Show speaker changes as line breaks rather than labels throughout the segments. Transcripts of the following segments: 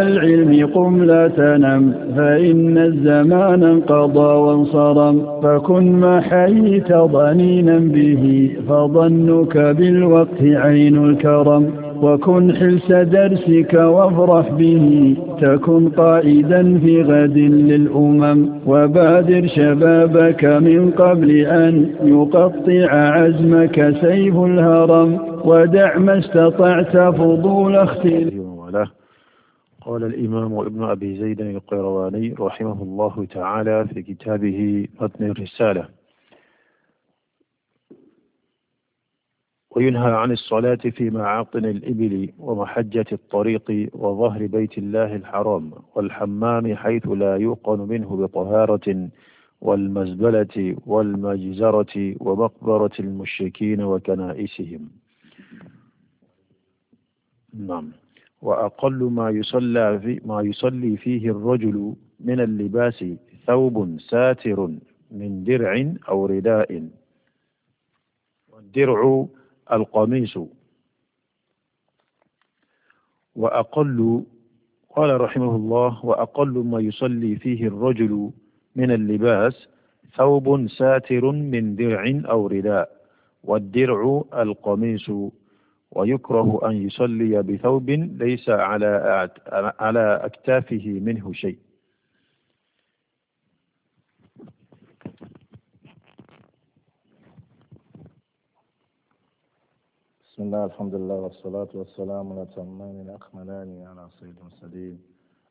العلم قم لا تنم فإن الزمان انقضى وانصرم فكن ما حييت ضنينا به فظنك بالوقت عين الكرم وكن حلس درسك وافرح به تكن قائدا في غد للأمم وبادر شبابك من قبل أن يقطع عزمك سيف الهرم ودع ما استطعت فضول اختلاف
قال الإمام ابن أبي زيد القيرواني رحمه الله تعالى في كتابه متن الرسالة وينهى عن الصلاة في معاطن الإبل ومحجة الطريق وظهر بيت الله الحرام والحمام حيث لا يوقن منه بطهارة والمزبلة والمجزرة ومقبرة المشركين وكنائسهم نعم وأقل ما يصلى في ما يصلي فيه الرجل من اللباس ثوب ساتر من درع أو رداء والدرع القميص وأقل قال رحمه الله وأقل ما يصلي فيه الرجل من اللباس ثوب ساتر من درع أو رداء والدرع القميص ويكره أن يصلي بثوب ليس على على أكتافه منه شيء
بسم الله الحمد لله والصلاة والسلام على تمام الأكملان على سيد المرسلين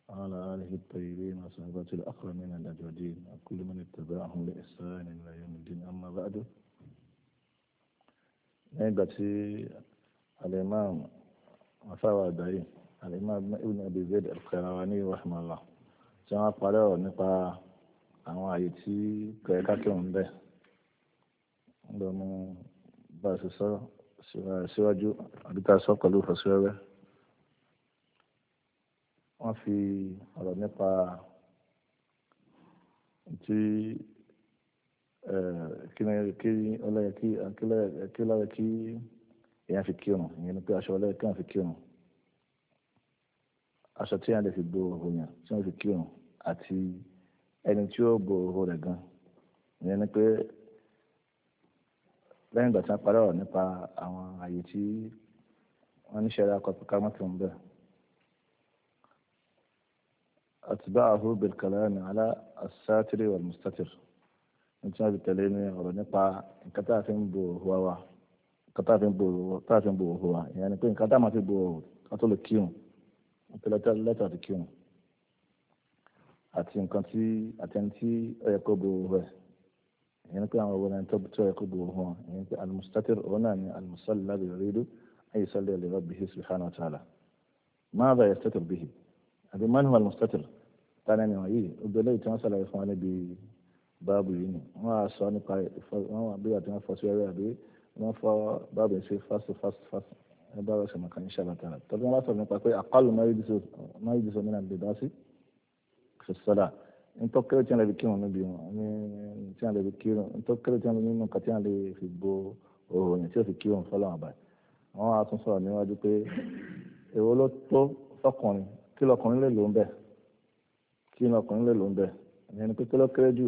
على آله الطيبين وصحبة الأكرمين الأجودين وكل من اتبعهم بإحسان إلى يوم الدين أما بعد نعم الإمام أصاب الدعي الإمام ابن أبي زيد القيرواني رحمه الله جمع قالوا نقا tí kẹ̀yẹ a ṣe sọ síwájú àdúgbò sọ pẹ̀lú ìfọ̀síwẹ́wẹ́ wọ́n fi ọ̀rọ̀ nípa tí kí ló yẹ èèyàn fi kírun ìyẹn ni pé aṣọ ọlẹ́yìn kí wọ́n fi kírun aṣọ tí wọ́n lè fi bo òhò yàn tí wọ́n fi kírun àti ẹni tí ó bo òhò rẹ̀ gan ìyẹn ni pé lẹ́yìn ìgbà tí wọ́n parí ọ̀rọ̀ nípa àwọn àyè tí wọ́n ní ṣẹlẹ̀ akọ́tún ń bẹ̀. atba'ahu bil kalami ala as-satiri wal nítorí wọ́n fi tẹ̀lé ní ọ̀rọ̀ nípa nǹkan tá a fi ń bo òhò wa nǹkan tá a fi ń gbòòrò tá a fi ń gbòòrò wa ìyẹn ni pé nǹkan tá a máa fi gbòòrò ká tó lè kírun àti lẹ́tà àti kírun àti nǹkan tí àti ẹni tí ó yẹ kó gbòòrò rẹ̀ ìyẹn ni pé àwọn ọ̀wọ́ náà tó yẹ kó gbòòrò wọn ìyẹn ni pé alimusatir òun náà ni alimusalli lábẹ́ ìrírí ayé sọ́lẹ̀ lè rọ́bì hí subhanahu wa ta'ala máa bá yẹ sẹ́tìr bíhì àbí mánú alimusatir tá a nẹ́ni wọ̀nyí ó gbẹ́lẹ́ ìtàn sàlàyé báàbù yìí nù wọ́n á sọ nípa wọ́n wà bí àti wọ́n fọ́ sí ẹrẹ́ àbí wọ́n fọ́ báàbù yìí sí fásitì fásitì fásitì ẹ bá rẹ̀ sọ̀mọ̀ kan insha Allah ta'ala tọ́jú wọn bá sọ̀rọ̀ nípa pé àkọlù máyédìsọ mi náà lè dá sí sọ̀sọ̀dà ntọ́kẹ́rẹ́ tí wọ́n lè fi kírun níbi wọn ní tí wọ́n lè fi kírun ntọ́kẹ́rẹ́ tí wọ́n lè nínú kan tí wọ́n lè fi bo òòrùn tí wọ́n fi kírun fọlọ́wọn àbáyé wọ́n á tún sọ̀rọ̀ níwájú pé èwo ló tó fọkùnrin kí lọkùnrin lè lò ń bẹ̀ kí lọkùnrin lè lò ń bẹ̀ ìyẹn ni pé kí ló kéré jù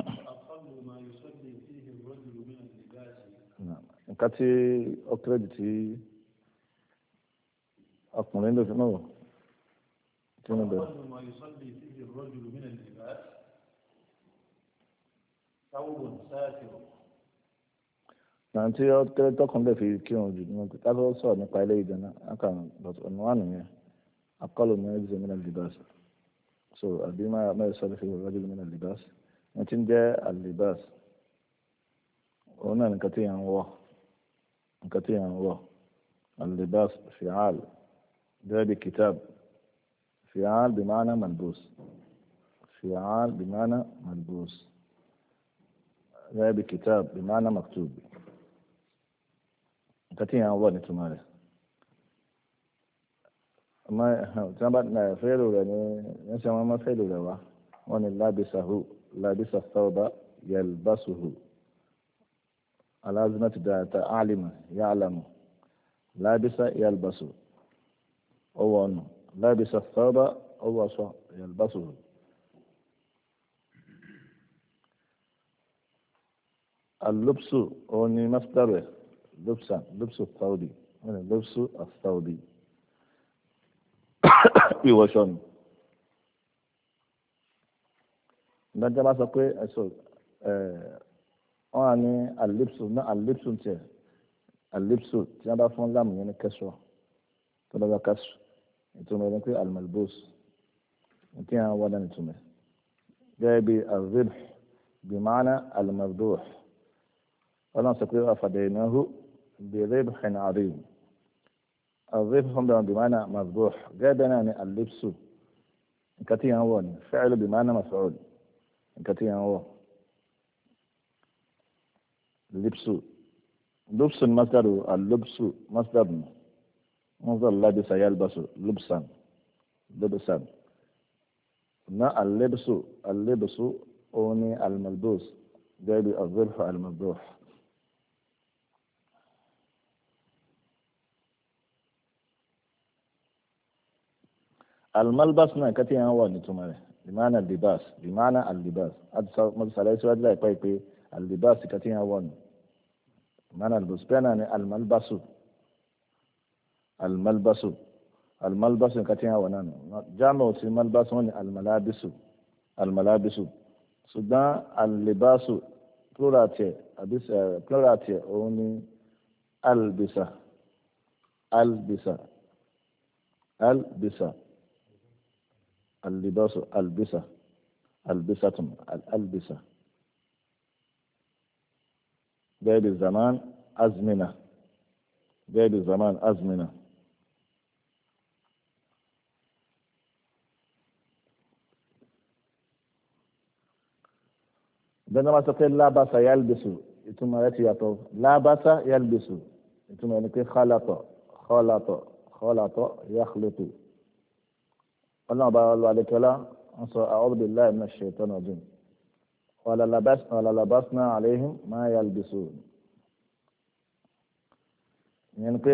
nǹkan tí ọkùnrin tí ọkùnrin ló fi náà wọ̀ tí wọ́n bẹ̀rẹ̀. Nàìjíríà tí ó kéré tọkùn lè fi kírun jù nínú pé ká ló sọ̀rọ̀ nípa ilé ìdáná akàn ọ̀nà wà nìyẹn akọ́lù ní ẹ̀jẹ̀ mìíràn libas so àbí máa máa sọ lè fi wọ́n rọ́jò mìíràn libas wọ́n ti ń jẹ́ alibas òun náà nìkan tí yẹn ń wọ̀. كثيرا الله اللباس فعال ده بكتاب فعال بمعنى ملبوس فعال بمعنى ملبوس ده بكتاب بمعنى مكتوب كثيرا الله نتمارس ما ما فعلوا يعني نسمع ما فعلوا ده وأن لابسه لابس الثوب يلبسه الأزمة ذات تعلم يعلم لابس يلبس أو أنه لابس الثوب أو يلبسه اللبس أوني مصدره لبسا لبس الثوب يعني لبس الثوب ìwọ̀sọ̀nù ìdájọ́ bá sọ pé wọ́n á ní alipsu náà alipsu tiẹ̀ alipsu tí wọ́n bá fún láàmù yẹn ní kẹsọ̀ tó lọ́ba kẹsọ̀ ìtumọ̀ ẹni pé almalbus tí wọ́n wá lẹ́nu ìtumọ̀ gẹ́gẹ́ bí azibh bí maana almarduh wọ́n náà sọ pé afadaynahu bí ribhin arim azibh fún bẹ́ẹ̀ bí maana marduh gẹ́gẹ́ bẹ́ẹ̀ náà ní alipsu nǹkan tí wọ́n wọ̀ ni fẹ́ẹ́lú bí maana maf'ul nǹkan tí wọ́n wọ̀ لبس لبس مصدر اللبس مصدر مصدر لبس يلبس لبسا لبسا نا اللبس اللبس أوني الملبوس جايب الذبح الممدوح الملبس نا كتير هو نتوما limana libas limana alibas mo ti sàlàyé síwájú láìpẹ́ pé alibas kàtí yẹn wọ̀ nù limana alibas bẹ́ẹ̀ náà ni alimalbasu alimalbasu alimalbasu kàtí yẹn wọ̀ náà nù jáàmù sí malbasu wọn ni alimalabisu alimalabisu ṣùgbọ́n alibasu plural tiẹ̀ àbí òun ni albisa albisa albisa. اللباس ألبسة ألبسة الألبسة جايب الزمان أزمنة جايب الزمان أزمنة بينما تقول لا بأس يلبس ثم يأتي لا بأس يلبس ثم يعني خلط خلط خلط يخلط ọlọ́run bá lọ adékọ́lá ń sọ a'udhu billahi minash shaitani rajim walalabasna alayhim ma yalbisun ìyẹn ni pé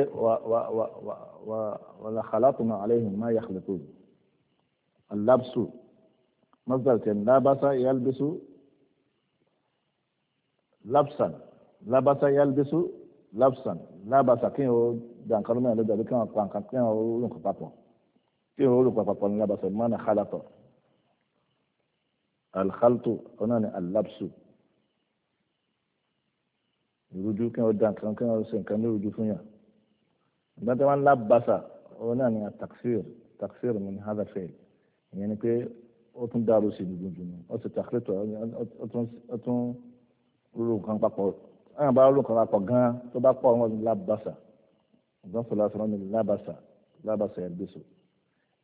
walakhalaqna alayhim ma yakhluqun al-labsu masdar tẹ̀ labasa yalbisu labsan labasa yalbisu labsan labasa kí n ò dànkan lómìnira lójú àbí kí n ò pa nǹkan kí n ò rún nǹkan papọ̀ tí ìrò olùkọ́ àpapọ̀ ní labasọ̀ mọ́ na khalatọ̀ alhaltu ọ̀nà ni alabsu ìrújú kí wọ́n dá nǹkan kí wọ́n ṣe nǹkan ní ìrújú fún yàn ìgbà tí wọ́n labasa ọ̀nà ni ataksir taksir min hadha fail ìyẹn ni pé ó tún dàrú sí dùdú dùnú ó sì takirito ó tún rúrú nǹkan papọ̀ ẹ̀yàn bá rúrú nǹkan papọ̀ gan tó bá pọ̀ wọn labasa ìgbọ́n fọlá sọ̀rọ̀ ni labasa labasa yẹn bẹ́sọ̀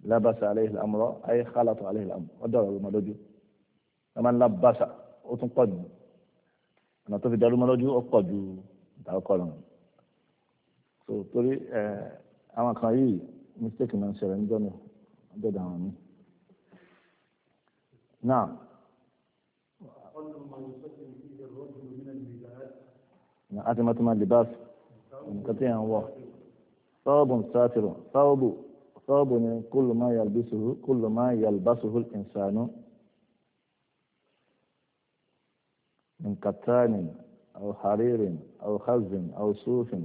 labasa aleyhi amúrọ ayé xalatọ aleyhi amú ọdọ ọ̀rọ̀ ọmọlójú ọmọ labasa ó tún pọ̀ jù ọ̀nà tó fi dẹrù ọmọlójú ó pọ̀ jù ìtàkọ́ kọ́ lọ́nà so torí ẹ àwọn kan yìí mistake náà ń ṣẹlẹ̀ níjọ́ mi ọjọ́ àwọn mi náà. àti mọ́tò libas nǹkan tí à ń wọ̀ صابون كل ما يلبسه كل ما يلبسه الإنسان من كتان أو حرير أو خز أو صوف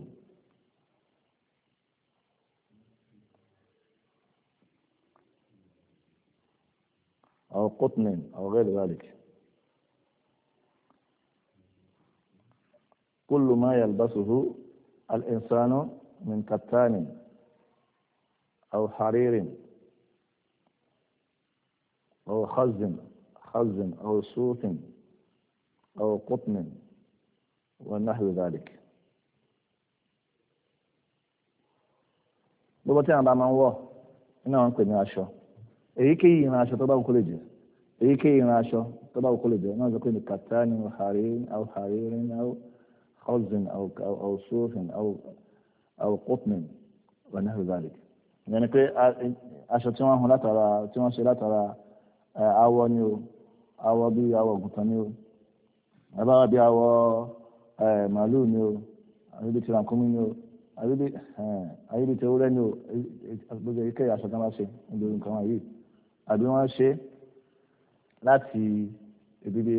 أو قطن أو غير ذلك كل ما يلبسه الإنسان من كتان أو حرير أو خز خز أو صوف أو قطن ونحو ذلك gbogbo tí àwọn bá máa ń wọ̀ iná wọn ń pè ní aṣọ èyíkéyìí ìran aṣọ tó bá wù kó lè jẹ èyíkéyìí ìran aṣọ tó bá wù kó lè jẹ náà sọ pé ní katani harin aw haririn aw khazin aw sufin aw qutnin wa nahwu dhalik. ìyẹn ni pé aṣọ tí wọ́n hun látara tí wọ́n ṣe látara awọ ni o awọ bíi awọ ògùntàn ni o abáwọ bíi awọ màálù ni o àbíbi tí rànkúmí ni o àbíbi àbíbi tí ewúrẹ́ ni o gbogbo ike aṣọ tí wọ́n bá ṣe níbi nǹkan wọn yìí àbí wọ́n ṣe láti ìbíbi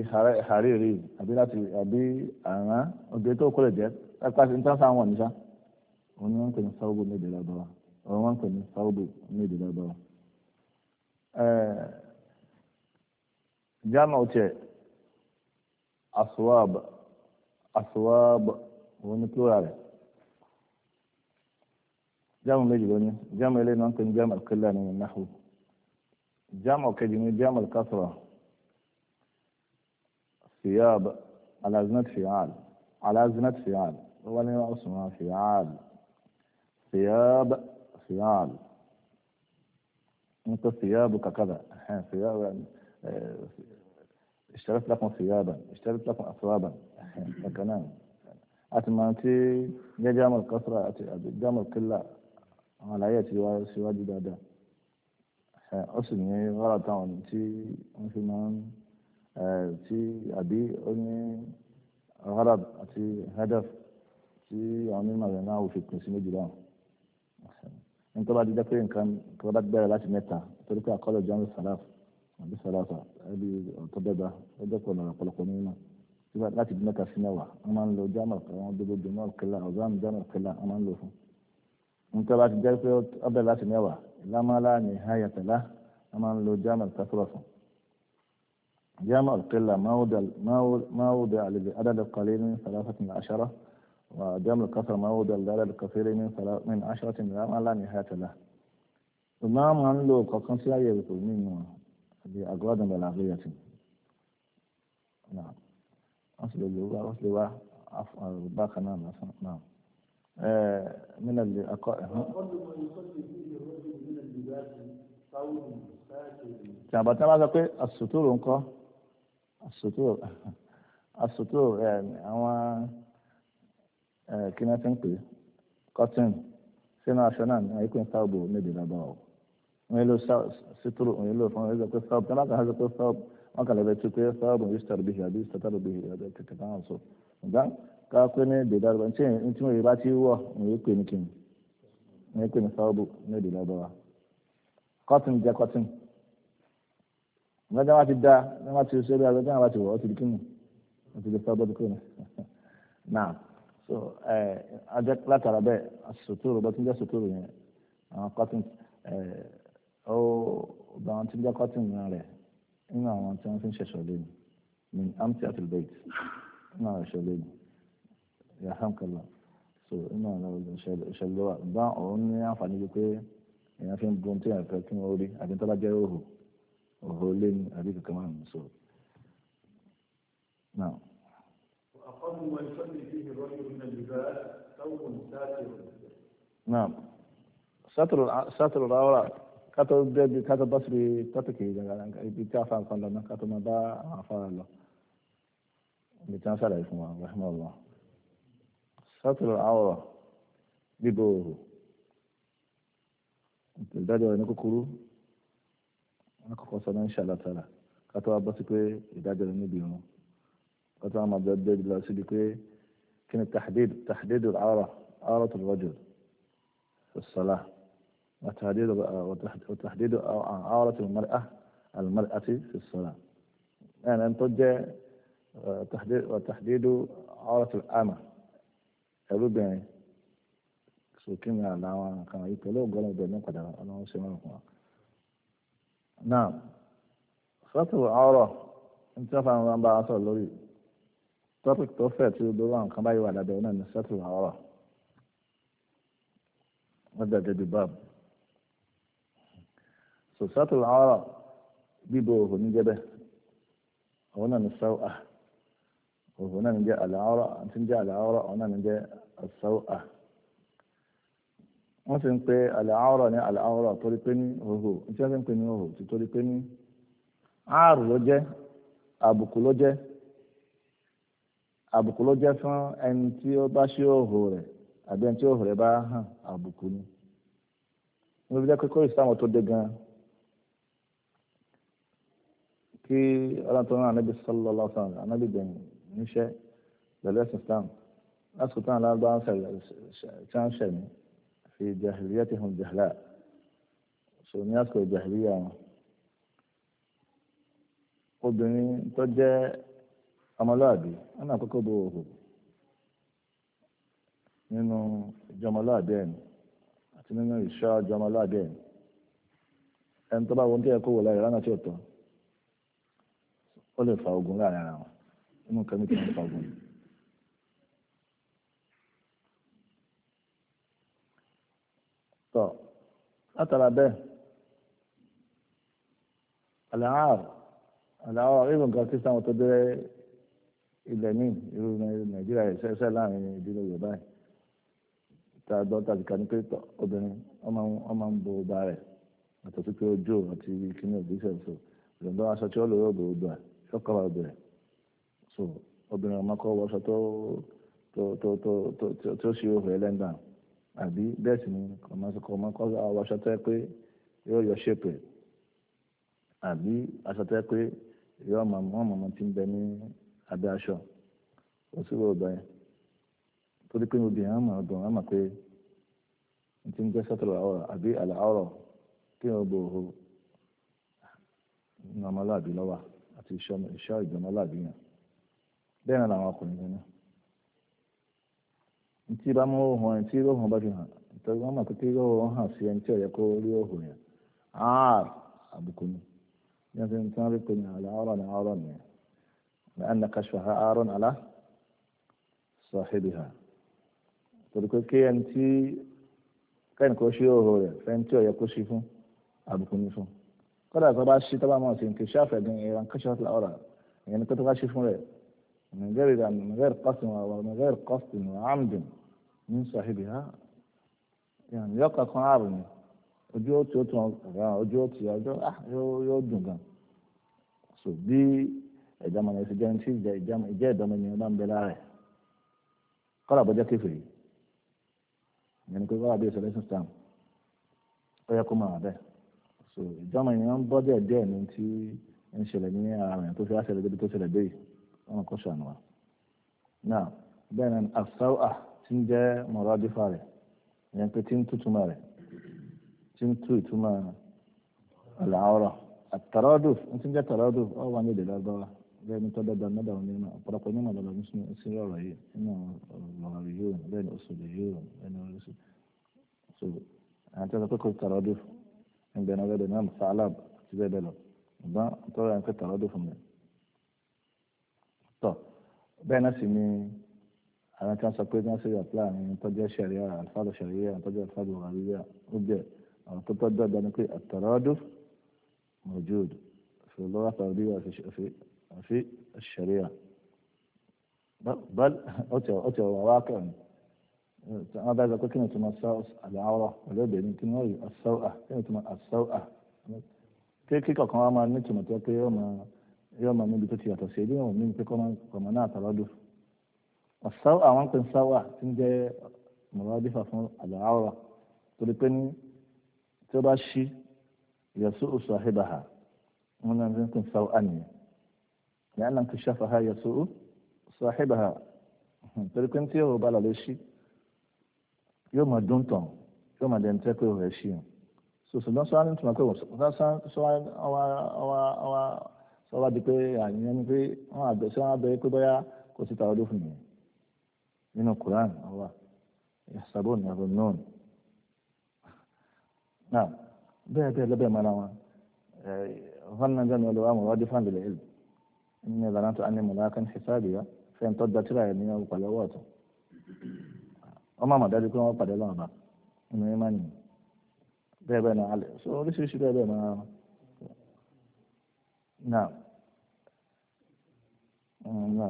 hàríìrì àbí láti àbí àrán obìnrin tó kọ́ lè jẹ́ lápá sí ní òun ni wọ́n ń pè ní sáwọ́gbọ̀n méje lọ́dọ̀ wa. romanka ne saudu ne da dabawa jama'u ce aswab aswab wani turare jama'u mai jigo ne jama'u ilai nan kan jama'ar kalla ne na hu jama'u kaji ne jama'ar kasra siyab ala zinat fi'al ala zinat fi'al wani ma'usu ma fi'al siyab صيال أنت ثيابك كذا ثياب يعني آه، اشتريت لكم ثيابا اشتريت لكم أثوابا كلام أتمانتي يا جام القصر جام الكلا على أي سوى دادا اسمي أصلي غلط عن تي مثلا تي أبي أني غرض تي هدف تي عمي ما بناه في كنسي مجلاه ẹni tó bá ti jẹ́ pé nǹkan tó bá bẹ̀rẹ̀ láti mẹ́ta torí pé àkọlẹ̀ jọ́nù sàlàf àbí sàlàfà ẹbí ọ̀tọ́ bẹ́ẹ̀ bá ó jẹ́ pọ̀ lọ́rọ̀ ọ̀pọ̀lọpọ̀ nínú láti bí mẹ́ta sí mẹ́wàá wọ́n máa ń lo jámà àwọn gbogbo jọmọ́ kílà ọ̀zán jámà kílà wọ́n máa ń lò fún. ní tó bá ti jẹ́ pé ó bẹ̀rẹ̀ láti mẹ́wàá lámàlá ní hayatala wọ́n máa ń lo jámà kásọ̀rọ̀ fún. jámà kílà máa wò dé àlejò adádọ̀ kọ́lé ní sàlàfà tìǹbà àṣàrọ̀ وجمع الكسر هو الدالة الكثير من من عشرة من لا نهاية له إمام عن لو قصن سياية يقول منه بأقواد بلاغية نعم أصل اللغة أصل واحد باقي نعم نعم من الأقائم tàbá tí wọ́n bá sọ pé àsùtúrò ńkọ́ àsùtúrò àsùtúrò àwọn. kí wọ́n ti ń pè cotton sínú aṣọ náà ní àyíkú sáàbù níbi ìlàbà ọ̀ wọ́n lò sítúrù wọ́n lò fún ẹgbẹ́ pé sáàbù tẹ́lá kan ṣe pé sáàbù wọ́n kàlẹ́ bẹ́ẹ̀ tí pé sáàbù yìí sọ̀rọ̀ bí abi sọ̀rọ̀ bí àbí kẹ̀kẹ́ kan sọ. ǹgbà ká pé ní dèdà rẹ̀ tí bá ti wọ̀ n yẹ pè ní kí pè ní sáàbù so ẹ eh, ajẹ́ látara bẹ́ẹ̀ sòtòrò bá ti ń jẹ́ sòtòrò yẹn àwọn cotton ẹ eh, ó bá wọn ti ń jẹ́ cotton yẹn rẹ̀ nínú àwọn tí wọ́n fi ń ṣẹ̀ṣọ̀ lé ní ní amty athlete nínú àwọn ẹ̀ṣọ́ lé ní yahamkala so nínú àwọn ẹ̀ṣọ́ wa bá òun ní àǹfààní yìí pé èèyàn fi ń bu ohun tí èèyàn fẹ́ kí wọ́n rí àbí tó bá òhò òhò lé ní àbí kankan máa ń so نعم ساتر ساتر الأوراق كاتو بيد كاتو بس بي تتكي جالان بيتافا كوندا نا كاتو ما با افالو بيتافا لا يفما رحم الله ساتر الاورا بيبو تلدا يو نكو كورو نكو كوسا ان شاء الله تعالى كاتو ابسكو يدا جالان بيو قطع مجدد لاسيديكي كان التحديد تحديد العارة عارة الرجل في الصلاة وتحديد وتحديد عارة المرأة المرأة في الصلاة يعني أن تجي آه، تحديد وتحديد عارة الأمة ẹrúbìnrin sókè mi àláwọn nǹkan yìí pẹ̀lú ògbọ́n ọ̀bẹ ní padà نعم ṣe عارة fún wa. náà sọ́tù ọ̀rọ̀ topic tó fẹ̀ tí odò wà nǹkan báyìí wà lábẹ́ ọ̀nà ní sẹ́tù àwọ̀rọ̀ wọ́n dàjẹ́ di báàbù so sẹ́tù àwọ̀rọ̀ bíbo òhò ní jẹ́bẹ́ òhò náà ní sẹ́wọ́ à òhò náà ní jẹ́ àlàárọ̀ àti ní jẹ́ àlàárọ̀ òhò náà ní jẹ́ àsẹ́wọ́ à wọ́n sì ń pe àlàárọ̀ ní àlàárọ̀ torí pé ní òhò tí wọ́n sì ń pe ní òhò torí pé ní ààrù ló jẹ́ àbùkù ló jẹ́ àbùkù ló jẹ́ fún ẹni tí ó bá ṣe òhò rẹ̀ àbí ẹni tí òhò rẹ̀ bá hàn àbùkù ni níbi jẹ́ kíkọ́ ìsìlámù tó dé gan kí ọlọ́run tó rán anábì sọ́lọ́ lọ́sàn anábì gbẹ̀yìn níṣẹ́ pẹ̀lú ẹ̀sìn lásìkò táwọn aláàbá ń ṣàṣẹ̀ ní fi jahiliya ti hàn jahila so ní àsìkò jahiliya wọn obìnrin tó jẹ́ ọmọlúàbí ọ̀nà àkókò bo òhò n'inu ìjọmọlúàbí ẹ̀mí ati ninu isha ìjọmọlúàbí ẹ̀mí en to ba wo ní tí ẹ kó wò láyé lánàá tí ò tọ́ ó fa ogun láàrin ara wọn inú kan ní kí wọ́n to ogun yìí. tọ́ látara bẹ́ẹ̀ àlàáhà àlàáhà irú nǹkan kí sáwọn ilẹ̀ míì irú nàìjíríà ṣẹ́ṣẹ́ láàrin ìdílé yorùbá yìí tá a gbọ́ tàbí kan ní pé obìnrin wọ́n máa ń bo ọba rẹ̀ àtọ̀ sí ojú àti kíní so ìjọba aṣọ tí ó lò yóò bò ó gbà yóò kọ́ ọba so obìnrin ọmọ kọ́ wọṣọ tó tó tó tó ṣe òhùn àbí bẹ́ẹ̀ sì ni ọmọ kọ́ wọṣọ tó pé yóò yọ ṣépè àbí aṣọ tó pé yóò mọ̀ mọ́ mọ́ ti ń bẹ àbí aṣọ kò sí ròdà yẹn torí pé obìnrin àmà ọdún àmà pé n ti ń jẹ́ sọ́tọ̀ ọ̀rọ̀ àbí àlà ọ̀rọ̀ kí wọ́n bò ó ní ọmọláàbí lọ́wọ́ àti iṣẹ́ ìjọmọláàbí yẹn bẹ́ẹ̀ náà làwọn ọkùnrin yẹn n tí bá mú ohun ẹni tí ohun bá fi hàn nítorí mọ̀ pé ohun hàn sí ẹni tí kó rí ohun لأن كشفها عار على صاحبها torípé kéèyàn tí kẹ́ni kò ṣe òhò rẹ̀ fẹ́ni tí ọ̀yẹ́ kò ṣe fún àbùkù ní fún kódà tó bá ṣe tó bá mọ̀ sí nǹkan ṣáfẹ́ gan ìran kẹ́sọ̀ tó ọ̀rà ìyẹn ni pé tó bá ṣe fún rẹ̀ nìgẹ́rì rà nìgẹ́rì kọ́sìn wà nìgẹ́rì kọ́sìn wà ámdìn ní sàhìbì ha ìyẹn yọ kankan àrùn ni ojú ó ti ó tún ọ̀gá ojú ó ti ọjọ́ yóò dùn gan so bí ẹ̀dá ọmọ yẹn ti jẹun tí ìjẹ́ ẹ̀dá ọmọ yẹn bá ń bẹ lára ẹ̀ kọ́lá bọ́jọ́ kéfìrí ìyẹn ni pé wọ́n wà bí isolation stamp ó yẹ kó máa bẹ́ẹ̀ so ìjọba yẹn ń bọ́ díẹ̀ díẹ̀ ní ti ń ṣẹlẹ̀ ní ara yẹn tó fi wá ṣẹlẹ̀ débi tó ṣẹlẹ̀ dé yìí wọn kò ṣàánú wa náà bẹ́ẹ̀ náà àfáwà tí ń jẹ́ mọ̀rọ́dífà rẹ̀ ìyẹn pé tí ń tútùmọ̀ rẹ̀ tí ń tú ìtumọ̀ ọ̀làọ̀rọ̀ àtàrọ́dù ń ti ń jẹ́ tàrọ́dù ọ̀ wà ní ìdè lọ́gbọ́n wa bẹ́ẹ̀ ni tọ́jú ọ̀dọ̀ mẹ́ta òní náà ọ̀pọ̀lọpọ̀ onímọ̀ lọ́lọ́ ní sí ọ̀rọ̀ yìí nínú ọ̀rọ̀ yìí bẹ́ẹ̀ ni oṣù yìí bẹ́ẹ̀ ni oṣù so àti ọ̀sẹ̀ pẹ́kọ̀ tàrọ́dù ẹgbẹ́ náà bẹ́ẹ̀ ni wọ́n fa aláb ti bẹ́ẹ̀ bẹ́ẹ̀ lọ ṣùgbọ́n tọ́jú ẹ̀ńkẹ́ tàrọ́dù fún mi. tọ́ bẹ́ẹ̀ náà sì ni àwọn tí wọ́n sọ pé wọ́n ṣe في الشريعة بل أتوا أتوا واقعا أنا بعد أقول كلمة المساوس العورة واليد ní كلمة السوءة كلمة السوءة kíkọ́ kan wá máa ní tòmọ̀ tó pé yóò máa yóò máa níbi tó ti yàtọ̀ sí ẹbí wọn níbi pé kọ́ máa náà tàlọ́dù ọ̀sáwà àwọn pè ń yàrá náà kìsàfà ha yẹsọ sàhìbà ha torí pé tí yóò bá lọ lè ṣí yóò máa dún tàn yóò máa dẹni tẹ́ pé ó rẹ̀ ṣí o sòsò náà sọ́wọ́n tó máa pé sọ́wọ́n sọ́wọ́n di pé àyẹ̀yẹ́ ni pé wọ́n àgbẹ̀ sọ́wọ́n abẹ́ pé bóyá kò sí tàwọn olófin yẹn nínú Quran ọwà ìṣàbọ̀ ní ọ̀rọ̀ náà náà bẹ́ẹ̀ bẹ́ẹ̀ lọ́bẹ̀ẹ́ mọ́ra wọn ọ̀hún náà jẹ́ mi ọlọ́wọ́ àwọn ọ̀rọ̀ adé fáńdì lẹ́yìn. إني ظننت أني ملاك حسابيا فإن تدت من القلوات ọmọ àmọ̀dájú pé wọ́n pàdé lọ́nà bá inú ẹ̀ máa nìyí bẹ́ẹ̀ bẹ́ẹ̀ náà alẹ́ so oríṣiríṣi bẹ́ẹ̀ bẹ́ẹ̀ máa nà nà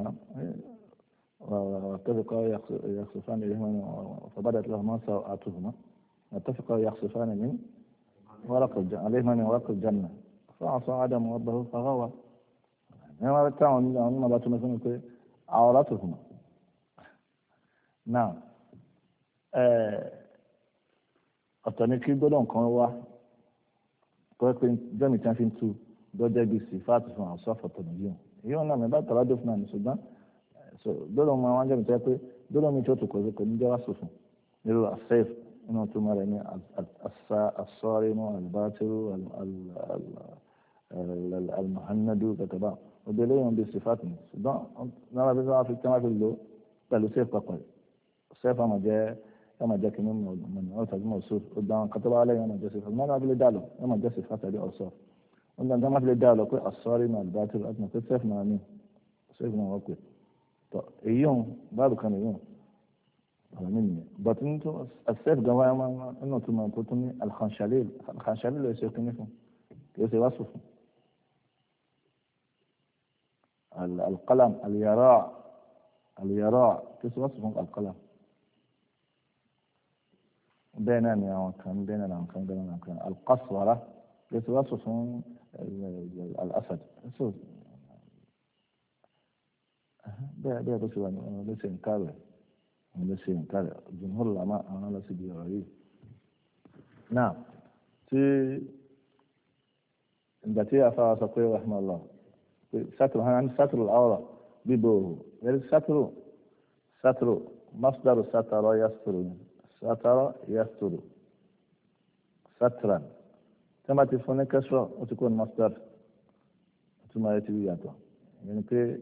واتفقا يخصفان فبدت لهما سوءاتهما واتفق يخصفان من ورق الجنة عليهما من ورق الجنة فعصى آدم ربه فغوى ìyẹn máa tí àwọn onímọ̀ bá túnmọ̀ sínú pé àwòrán tó fún un náà ọ̀tọ̀ ni kí gbọ́dọ̀ nǹkan wá kọ́ pé jẹ́mi tí wọ́n fi ń tu gbọ́dọ̀ bíi sífáàtì fún àwọn sọ́fọ̀tọ̀ nìyí o èyí wọn náà mi bá tọ́lá dé fún àmì ṣùgbọ́n gbọ́dọ̀ mọ àwọn jẹ́mi tí wọ́n pé gbọ́dọ̀ mi tí ó tù kọ́ sí kò ní jẹ́ wá sọ̀fún nílò àṣẹ́f inú tó máa rẹ̀ ní asọ́rẹ́mọ́ albátírú almuhannadu kàkàbáwò. وبيليهم بصفات دون نرى بيزا في الكما في اللو قالوا سيف قوي سيف ما جاء كما جاء كمين من أوت هذا موصوف قدام قطب عليه أنا جسف ما نعرف اللي دالو أما جسف هذا دي أصار قلنا ده ما في دالو كوي أصاري من الباتل أدنى كل سيف ما أمين سيف ما وقت طب يوم بعده كان يوم مني تو السيف جوايا ما إنه تما كتني الخنشليل الخنشليل اللي يسوي كنيفه يسوي وصفه القلم اليراع اليراع كيف وصفه القلم بينان يا كان بينان عن كان بينان عن كان القصورة كيف وصفه الأسد سوز ده ده بس ليس إنكار ليس إنكار جمهور العلماء أنا ليس بغريب نعم تي ndati afa sọ رحمه الله ستر هنا ستر العورة ببوه غير ستر ستر مصدر ستر يستر ستر يستر سترا كما تفهم كسرة وتكون مصدر ثم يتبي يعني كي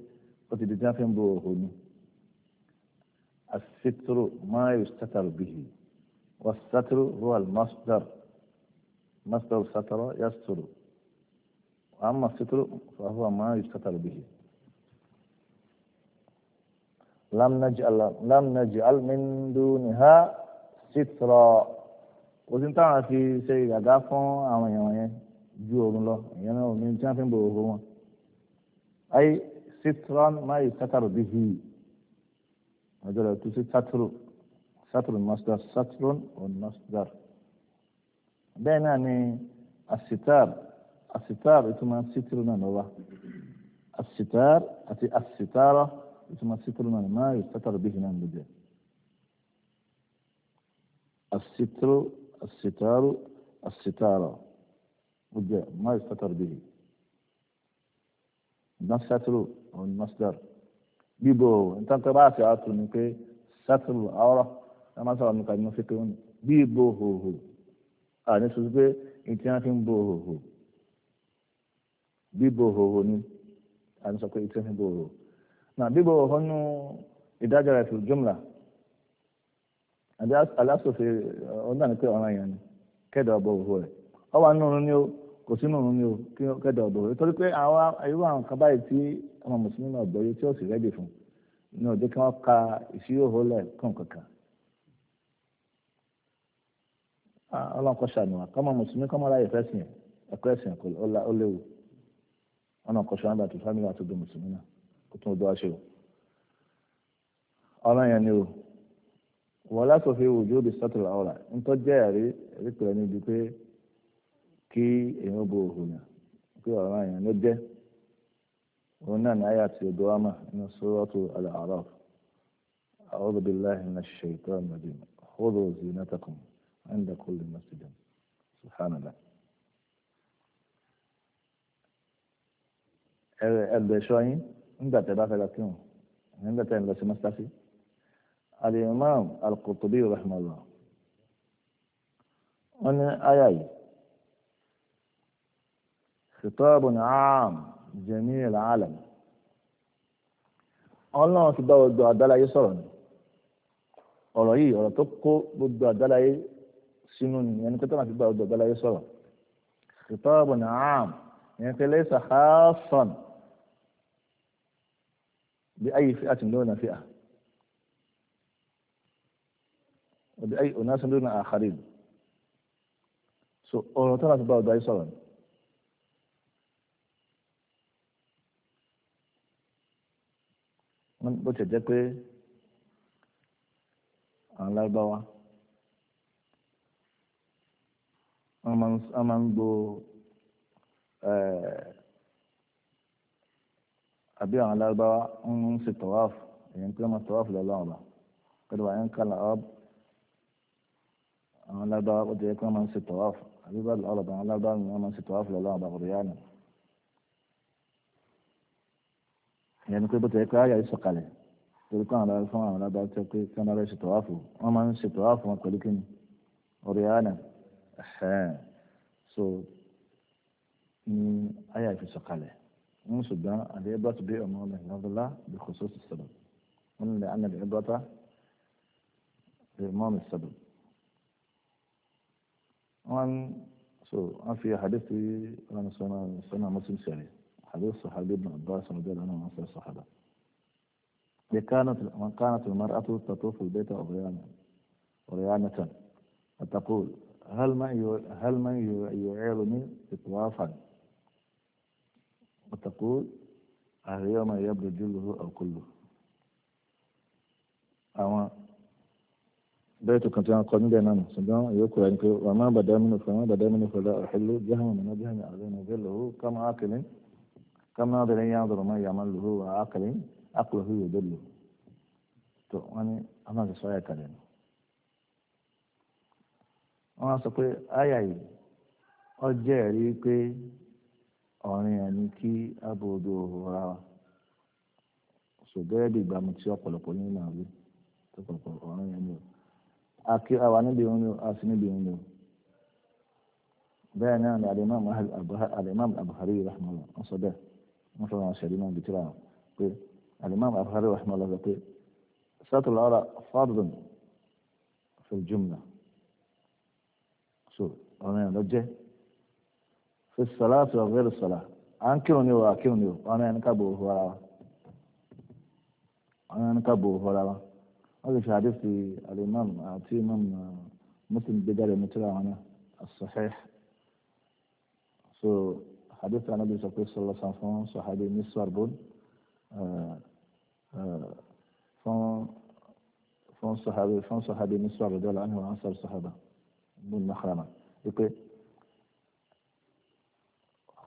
وتدجان فين بوه الستر ما يستتر به والستر هو المصدر مصدر ستر يستر وأما الستر فهو ما يستتر به لم نجعل لم نجعل من دونها سترا òsì táwọn fi ṣe ìyàgá fún àwọn èèyàn yẹn ju oorun lọ ìyẹn náà omi tí wọn fi ń bo oorun wọn ayé sitron máa yí sátàrò bí hì ọjọ́ rẹ̀ tún sí sátìrò sátìrò masdar sátìrò ò masdar bẹ́ẹ̀ náà ni asitar الستار ثم سترنا نوا الستار أتي الستارة ثم سترنا ما يستتر به من الدنيا الستر الستار الستارة مدى ما يستتر به من الستر بيبو انت انت بقى في عطل منك ستر الأورة كما سأل منك المفقون بيبو هو هو آه نسوز بي انتنا فين بو هو هو bíbo òhòhò ni a sọ pé ìtẹ́ níbo òhòhò náà bíbo òhòhò nú ìdájọ́ rẹ̀ fìlú jùmùlà àbí aláṣòfin pé ọ̀ràn yẹn ni kẹ́dọ̀ ọ̀bọ̀ òhòhò rẹ̀ ọ wà nínú ni ó kò ni ó kẹ́dọ̀ ọ̀bọ̀ òhòhò torí pé àwa irú àwọn kan báyìí tí ọmọ mùsùlùmí náà gbọ́ yé tí ó sì ka lẹ̀ kàn kankan kọ́mọ mùsùlùmí kọ́mọ sìn ẹ̀kọ́ ọ̀nà kọ̀ṣọ́ àgbà tó fámìlì àtọ́dọ̀ mùsùlùmí náà kó tún odò aṣọ ọ̀rọ̀ yẹn ni o wọ́n lásán fi wòjú òde sátìlá ọ̀rà ńtọ́ jẹ́ ẹ̀rí ẹ̀rí pẹ̀lú níbi pé kí èèyàn bo òhùn yàn pé ọ̀rọ̀ yẹn ló jẹ́ òun náà ní ayé àti odò àmà ní sọ́rọ́tù al-A'raf a'udhu billahi minash shaitanir rajim khudhu zinatakum 'inda kulli masjid subhanallah. ẹgbẹ́ ẹ̀ṣọ́ yín nígbà tẹ́ bá fẹ́ lọ kírun nígbà tẹ́ ń lọ sí mọ́sításí alimam al-Qurtubi rahimahullah wọ́n ní àyà yìí khitabun aam jami' al-alam ọlọ́run ti bá gbogbo àdáláyé sọ̀rọ̀ ni ọ̀rọ̀ yìí ọ̀rọ̀ tó kó gbogbo àdáláyé sínú ni ẹni pé tó máa ti bá gbogbo àdáláyé sọ̀rọ̀ khitabun aam ìyẹn pé laysa khassan. بأي فئة دون فئة وبأي أناس دون آخرين so ọ̀rọ̀ tó láti bá ọ̀dọ̀ ayé sọ̀rọ̀ ni wọ́n bó ti jẹ́ pé àwọn lárúbáwá wọ́n máa ń gbo ẹ̀ẹ́ أبي على الأربعة ونص الطواف يعني كل ما الطواف للعبة كل وعين كل أب على الأربعة قد يكون من ست طواف أبي بعد الأربعة على الأربعة من ست طواف للعبة غريانة يعني كل بيت يكون على يسوع كله كل كان على الفم على الأربعة تكوي كان على ست طواف وما من ست طواف ما كل كن غريانة ها سو أيها في من السودان العبرة بأمور الله بخصوص السبب قلنا لأن العبرة بإمام السبب وأن سو في حديث أنا سنة سنة مسلم شريف حديث صحابي ابن عباس رضي الله عنه أنصار الصحابة كانت كانت المرأة تطوف البيت عريانا عريانة وتقول هل من هل من يعيرني إطوافا وتقول أهي ما يبدو جله أو كله àwọn bẹ́ẹ̀tù kan tí wọ́n kọ níbẹ̀ náà ṣùgbọ́n ìyókù rẹ̀ ni pé wọ́n máa bàdá mínú fún wọn bàdá mínú fún ọ̀dà ọ̀hìnlú jẹ́hàn mọ̀nà jẹ́hàn àlẹ́nu ọ̀gbẹ́ lòó kámá ákìlín kámá bẹ̀rẹ̀ yá ọ̀dọ̀rọ̀ máa yàmá lòó wà ákìlín ákìlọ̀ hù yóò délò tó wọ́n ní a máa fi sọ ayà kalẹ̀ nù. wọ́n á sọ pé áyà yìí ọ jẹ́ ẹ̀rí pé ọ̀rìn ẹ̀ ní kí ààbò odò ra wa ṣùgbọ́n ẹ̀dì ìgbàmù tí ọ̀pọ̀lọpọ̀ yín náà rí ọ̀pọ̀lọpọ̀ ọ̀rìn ẹ̀ ní o akí àwa níbi òun ni o a sì níbi òun ni o bẹ́ẹ̀ náà ni alimami abuhari rahmanulah ń sọ bẹ́ẹ̀ ń sọ wọn ṣẹ̀rí náà bìtìrà wọn pé alimami abuhari rahmanulah sọ pé sátú lọ́ra fardun fil jumla so ọ̀rìn ẹ̀ jẹ́ في الصلاة وغير الصلاة أنكرني وأكرني أنا أنكبه هو أنا أنكبه يعني هو يعني هذا في حديث الإمام في إمام مسلم بدل المتلا أنا الصحيح سو حديث عن النبي صلى الله عليه وسلم صحابي مسوار بون آه، آه، فون فون صحابي فون صحابي مسوار رضي الله عنه وأنصار صحابه بن مخرمة يقول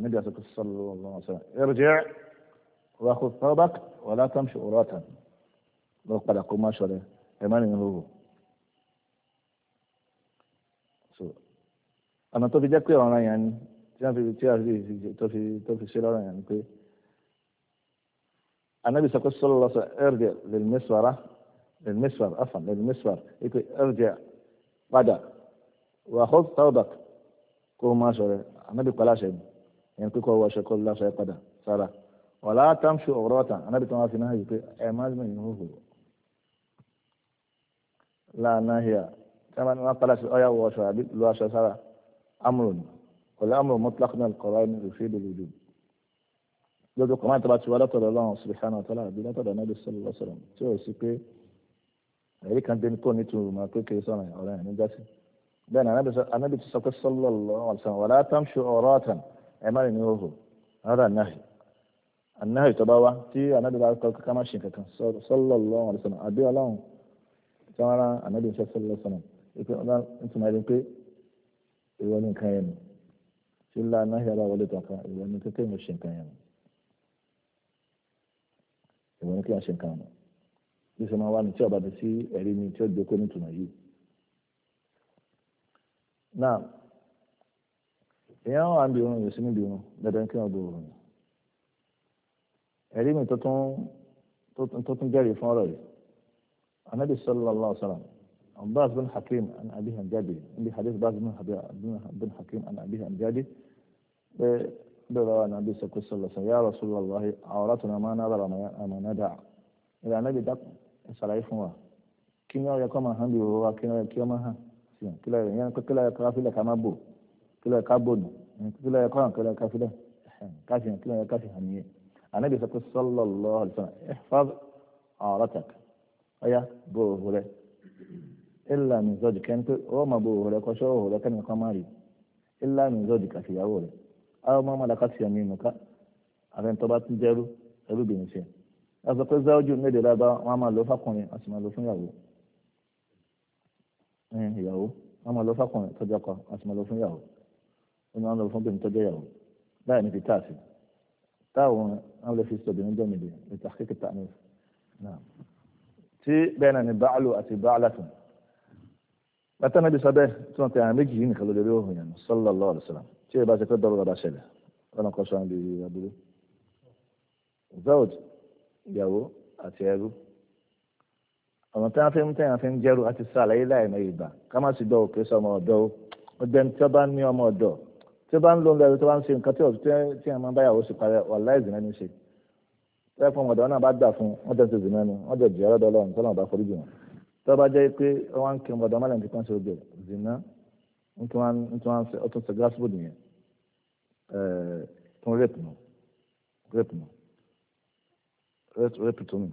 النبي عليه الصلاه والسلام ارجع واخذ ثوبك ولا تمشي اوراتا لو قال اقوم اشهد ايمان ينهو انا توفي جاك كوي اونلاين يعني تي في تي في توفي توفي سيل اونلاين يعني كوي النبي صلى الله عليه وسلم ارجع للمسورة للمسور عفوا للمسور ارجع غدا وخذ ثوبك قوم ما شاء الله ẹni pé kọ́ wọ aṣọ kọ́ lásọ ẹ padà sára ọ̀la tamṣu ọ̀rọ̀ ọ̀tà anábì tí wọ́n fi náà yìí pé ẹ má gbìn ní hòhò láàánú hìá tí wọ́n máa padà sí ọ̀yà wọ aṣọ àbí lu aṣọ sára amúrò ní ọ̀la amúrò mutlaq náà kọ̀ọ̀rọ̀ ní òfin ìdòdòdò lójú kọ̀ọ̀mọ́ àti bàtí wà látọ̀dọ̀ lọ́wọ́ subhanahu wa ta'ala àbí látọ̀dọ̀ náà sallallahu alaihi wasallam tí ó sì pé èyí kan dénú kó nítorí ma pé kìí sọ̀rọ̀ ọ̀rẹ́ ẹ̀ nígbà tí bẹ́ẹ̀ ti sọ pé sallallahu alaihi a má rìn ní òhò rárá náà tí ànábì bá kọ́ ká má ṣe kankan sallallahu alaihi wasallam àbí ọlọ́run tí wọ́n rán ànábì ń nke sallallahu alaihi nke ìpè ń tún máa rí pé ìwọ ní nǹkan yẹn nù tí wọlé ìwọ kékeré ṣe nǹkan yẹn nù ìwọ kí ṣe nǹkan nù bí sọ wá tí ọba sí tí ó gbé kó yìí. náà èèyàn wà ń bi irun yóò sí níbi irun dandan kí wọn bo òrùn yìí ẹ̀rí mi tó tún jẹ́rìí fún ọ̀rọ̀ yìí anabi sallallahu alaihi wa sallam عباس بن حكيم عن أبيه عن جده عندي حديث عباس بن حكيم عن أبيه عن جده بدعاء النبي صلى الله عليه وسلم يا رسول الله عورتنا ما نظر ما ندع إذا النبي دق سلايفهم كنا يقوم هم بيروا كنا يقوم هم كلا يعني كلا يقرأ في لك ما بو kílọ̀ ká bòdù kílọ̀ ẹ̀kọ́ hàn kílọ̀ ká filẹ̀ ká fi hàn kílọ̀ ẹ̀ká fi hàn yẹn ànábì sọ pé sallallahu alaihi wasallam ihfaz awratak ọ̀yá bò òhù rẹ̀ illa min zawjika kẹ́ni pé ó mà bò òhù rẹ̀ kọ́ṣọ́ òhù rẹ̀ kẹ́ni kan má rí illa min zawjika fìyàwó rẹ̀ àwọn ọmọ ọmọdé kàtì yẹn nínú ká àfẹn tó bá tún jẹrú ẹrú bìnrin sí ẹ a máa lọ fákùnrin a sì máa sì máa lọ fún ìyàwó wọn máa ń lọ fún bẹ́ẹ̀ tọ́jú ìyàwó láì ní fi táàsì táwọn àwọn lè fi sọ̀bì ní jọ́mìdì ètò àkẹ́kẹ́ tààmì náà tí bẹ́ẹ̀ náà ni báàlù àti báàlàtún bàtà náà bí sábẹ́ tí wọ́n pe àwọn méjì yìí nìkan lórí òhun yẹn sallallahu alaihi wasallam tí ìbá ṣe pé dọ́rọ̀ bàbá ṣẹlẹ̀ ọ̀nà kan sọ̀rọ̀ lórí aburú zawj ìyàwó ọ̀nà tí wọ́n fi ń tẹ̀yàn fi ń jẹ́rú àti sàlàyé láì mọ ìgbà ká má sì dọ̀ òkè sọ ọmọ ọ̀dọ́ ó gbẹ́ni tí wọ́n bá ní ọmọ ọ̀dọ́ tí ó bá ń lo ńlọ tó bá ń ṣe nǹkan tí ọ̀tún tí ẹ̀ máa ń báyàwó ṣe parẹ́ wà láì zìnà ní ṣe tẹ́lẹ̀ fún ọmọdé wọn náà bá gbà fún wọn jẹ́ ṣe zìnà ni wọ́n jẹ́ jù ọ́rọ́ dọ́lọ́ nǹkan náà bá forí jù wọn tó bá jẹ́ pé wọ́n ń kí ọmọdé wọn lẹ́yìn tí wọ́n ṣe oge zina, ń tún wọ́n ṣe gíláṣíbù nìyẹn tún rẹ́pù nù rẹ́pù nù rẹ́pù tó nù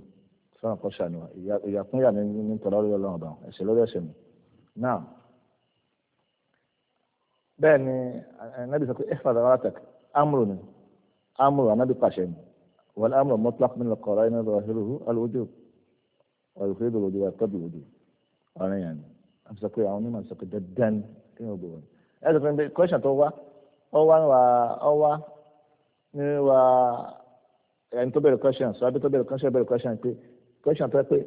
sọ́nà kọ́ṣà ni ìyàkúnyà ni ń tọ́lá lórí ọlọ́run ọ̀dàn bẹ́ẹ̀ ni anabi sọ pé ihfaz awratak amúrò ni amúrò anabi pàṣẹ ni wal amru mutlaq min al-qara'in zahiruhu al-wujub wal yufidu al-wujub wa yaktadi al-wujub ọ̀rẹ́ yẹn ni a sọ pé àwọn onímọ̀ sọ pé dandan kí ni o bò wọ́n. ẹ sọ pé kọ́ṣà tó wá ọ wá ní wa ọ wá ní wa ẹni tó bẹ̀rẹ̀ kọ́ṣà sọ abẹ́ bẹ̀rẹ̀ kọ́ṣà bẹ̀rẹ̀ kọ́ṣà pé kọ́ṣà tó pé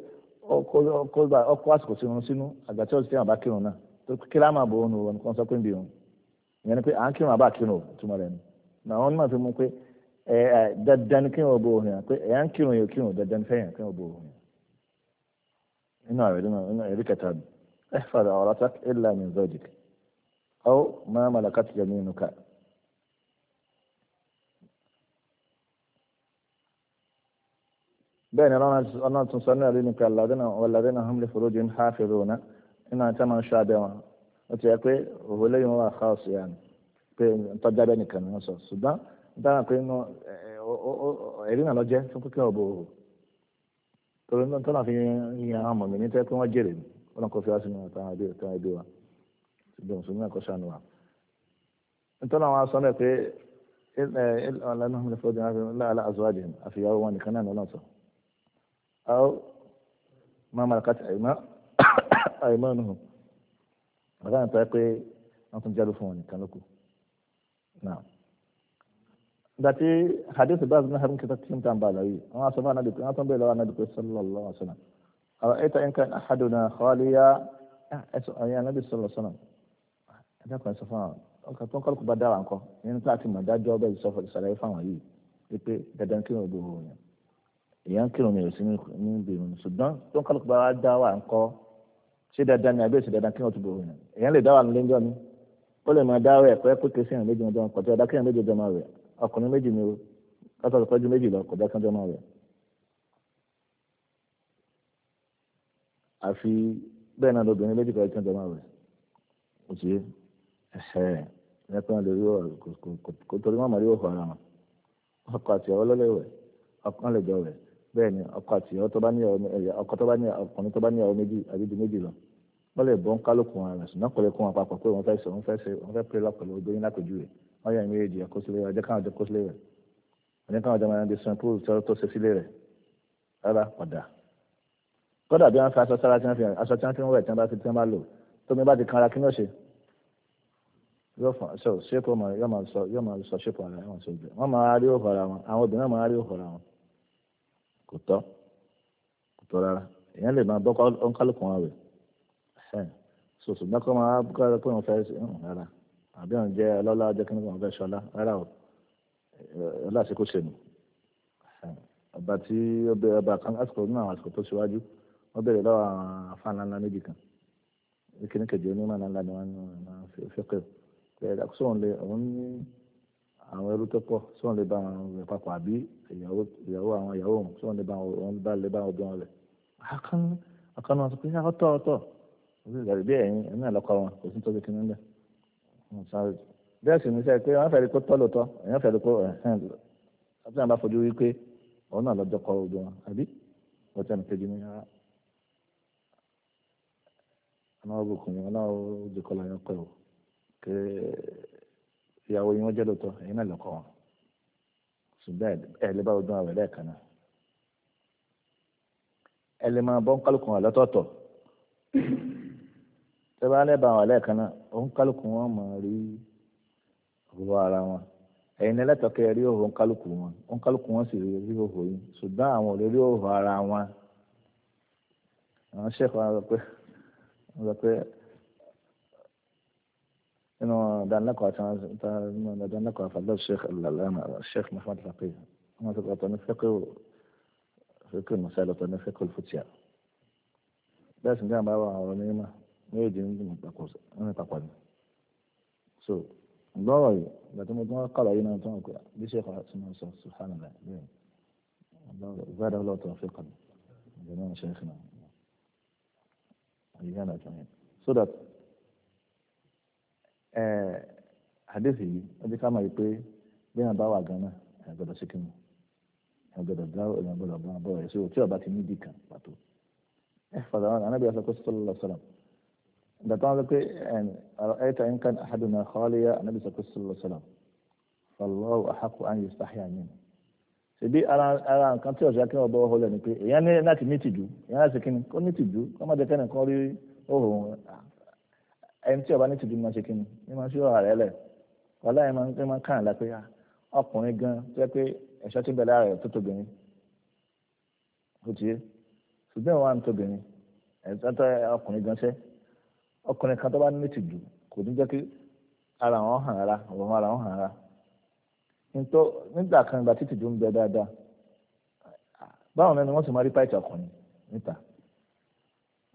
ọkọ àsìkò sínú sínú àgbàtí ọ̀sìn àbákírun náà tó kí lámà bò ó wọn kọ́ pé ń bì wọn ìyẹn ni pé à ń kírun àbá kírun ò túmọ̀ rẹ̀ ni àwọn onímọ̀ fi mú pé ẹ ẹ dandan ni kírun ọbọ òhìn pé ẹ à ń kírun yóò kírun dandan ni fẹ́yìn kírun ọbọ òhìn inú àwọn ìdúnà ẹ̀rí kẹta ni ẹ fàdà ọ̀rọ̀ tak ilà min zojik ọ máa malakat yaminuka bẹ́ẹ̀ ni ọlọ́run tún sọ ní ẹ̀rí nípa ọ̀làdínà ọ̀làdínà hum li furujin hafizuna iná tí a máa ń ṣọ́ abẹ́ wọn ó ti yẹ pé òwò lẹ́yìn wọn wà káàsì yá ni pé tọ́jà bẹ́ẹ̀ nìkan ni wọ́n sọ ṣùgbọ́n dára pé inú ẹ̀rí náà lọ́jẹ́ fún kíkẹ́ ọ̀bọ̀ òwò torí náà tọ́nà fi yan àwọn mọ̀mí ní tẹ́ pé wọ́n jèrè ni wọ́n kọ́ fi wá sínú àtàwọn ẹbí àtàwọn ẹbí wa ṣùgbọ́n mùsùlùmí ẹ̀kọ́ sànù wa. nítorí àwọn aṣọ náà pé ọ̀lànà mi fọ́ dín láàlá àzọ́wájì àfihàn wọn nìkan náà lọ́nà sọ. àwọn máa mara kàtà àìmọ́ àìmọ́ nù ọ̀gá àti ẹ pé wọ́n tún jálù fún wọn nìkan lóko náà dati hadith baz bin harim kitab tim tam balawi wa sama na dukkan tan bela na dukkan sallallahu alaihi wasallam ara aita in kan ahaduna khaliya asu ya nabi sallallahu alaihi wasallam da kan safa o ka ton kalku badara anko yin ta ti man da jo be so fo salai fa wa yi ipe da dan kin obo ho yan yan kin mi o sinu ni be mi ṣùgbọ́n ton kalku ṣé dandan ni àbí èsì dandan kí wọ́n ti bò wẹ̀ èèyàn lè dá wà nílé ńjọ́ ni ó lè máa dá rẹ̀ pé pété sí ìrìnlẹ́jì ọjọ́ kọjá ọ̀dá kéèyàn méjì ọjọ́ máa rẹ̀ ọkùnrin méjì ni o kásán ìtọ́jú méjì lọ kọjá kí ọjọ́ máa rẹ̀. àfi bẹ́ẹ̀ náà lóbìnrin méjì kọjá kí ọjọ́ máa rẹ̀ kò sí ẹ̀hẹ́ nípa lórí kò torí wọn mọ̀ rí òfò ara wọn ọkọ àti ọwọ́ lọ́lẹ́wẹ̀ ọkàn bẹ́ẹ̀ ni ọkọ àti eh, ọkọ tó bá ní ọkùnrin tó bá ní ọ̀rọ̀ méjì àbí ju méjì lọ wọ́n lè bọ́ ń kálukú wọn rẹ̀ ṣùgbọ́n kò lè kún wọn papọ̀ pé wọ́n fẹ́ sọ wọ́n fẹ́ ṣe wọ́n fẹ́ pèrè lọ́pọ̀lọ́ obìnrin lápẹ̀jù rẹ̀ wọ́n yà ń méjì àkọsílẹ̀ rẹ̀ ọjọ́ káwọn ọjọ́ kọsílẹ̀ rẹ̀ ọjọ́ káwọn ọjọ́ máa ń di sun púùlù tọ́rọ tó ṣe sílẹ̀ rẹ̀ rárá ọ̀dà. kódà bí wọ́n fi aṣọ sára tí wọ́n fi aṣọ tí wọ́n fi ń wẹ̀ tí wọ́n ṣe yóò yóò máa sọ ṣépò ara wọn máa rí òhò ara àwọn obìnrin máa rí òhò ara kò tọ́ kò tọ́ rárá èèyàn lè máa bọ́ ọ̀nkálùkùn wa wẹ̀ sòsò náà kọ́ máa bùkátà pé òun fẹ́ rárá àbí òun jẹ́ ọlọ́lá ọjọ́ kí ni òun fẹ́ ṣọlá rárá o ọlá ṣe kó ṣe nù ọba tí ó bẹ̀rẹ̀ ọba kan lásìkò nínú àwọn àsìkò tó ṣíwájú wọ́n bẹ̀rẹ̀ lọ́wọ́ àwọn afáàná ńlá méjì kan kíní kejì onímọ̀ ńlá ni wọ́n fi fẹ́ pé àwọn ẹrú tó pọ̀ sí wọn lè bá àwọn ọmọ papọ̀ àbí ìyàwó àwọn ìyàwó wọn sí wọn lè bá wọn bá lè bá wọn bí wọn rẹ̀ akán akán wọn sọ pé ọtọ ọtọ ìgbàlè bí ẹ̀yin ẹ̀mí àlọ́kọ wọn kò sí tó fi kíní lẹ̀ bẹ́ẹ̀ sì ní sẹ́ pé wọ́n fẹ́ẹ́ rí kó tọ́ lóòótọ́ èèyàn fẹ́ẹ́ rí kó ẹ̀hẹ́n sábẹ́ àbá fojú wí pé òun náà lọ́jọ́ kọ́ ogun ìyàwó yín wọ́n jẹ́ lóòótọ́ ẹ̀yin náà wọn ṣùgbọ́n ẹ̀ lè bá ọdún àwẹ̀ lẹ́ẹ̀kan náà ẹ lè máa bọ́ kálukú wọn lọ́tọ̀ọ̀tọ̀ tẹ́ bá lẹ́ẹ̀ bá wọn náà òun kálukú wọn máa rí òwò ara wọn rí wọn òun kálukú wọn sì rí yín àwọn ò lè انه دعلكوا عشان دعلكوا فضل الشيخ الشيخ محمد الفقيه ما تبغى طعم الفقه في كل مسألة طعم الفقه والفتيان لازم جاء بابا ونيمة ويجي من تقوز أنا تقوز سو ضوي لكن ما قال أين نعم، أنتم دي شيخ سبحان الله سبحان الله زاد الله توفيقا جميع شيخنا إيانا جميعا so that àdéhùn yìí ó jẹ́ ká mọ̀ pé bí wọn bá wà gan-an ẹ̀ gbọ́dọ̀ ṣe kíni ẹ̀ gbọ́dọ̀ bá ẹ̀ gbọ́dọ̀ bá bọ̀ ẹ̀ sọ ọba ti ní ìdí kan pàtó ẹ̀ fọdà wọn anábì ọ̀sán kó sọ́lọ́ lọ sọ́lọ́ ìgbà tó wọn sọ pé ẹ̀ẹ́ta ń kan àhàdùn náà kọ́ọ́lẹ́yà anábì ọ̀sán kó sọ́lọ́ sọ́lọ́ fọlọ́wọ́ àhàkù àyè sàhíà nínú ṣèbí ara nǹkan tí ọ̀sẹ̀ akẹ́wọ̀ bọ́wọ́ ni pé èèyàn ní láti ní tìjú èèyàn láti kíni kó ẹni tí ọba ní tìjú máa ṣe kí ni ní máa ń ṣe ọ̀rọ̀ rẹ lẹ̀ wàhálà yẹn máa ń kàn lápẹ́ ah, ọkùnrin gan tó yẹ pé ẹ̀ṣọ́ ti bẹ̀rẹ̀ rẹ̀ tó tóbìnrin ó ti yé ṣùgbọ́n ìwà ń tóbìnrin ẹ̀ṣọ́ ọkùnrin gan ṣẹ́ ọkùnrin kan tó bá ní tìjú kò ní jẹ́ kí ara wọn hàn ara ọ̀rọ̀ ara wọn hàn ara nígbà kan ìgbà tí tìjú ń bẹ dáadáa báwọn ẹni wọ́n sì máa rí páìtì ọkùnrin níta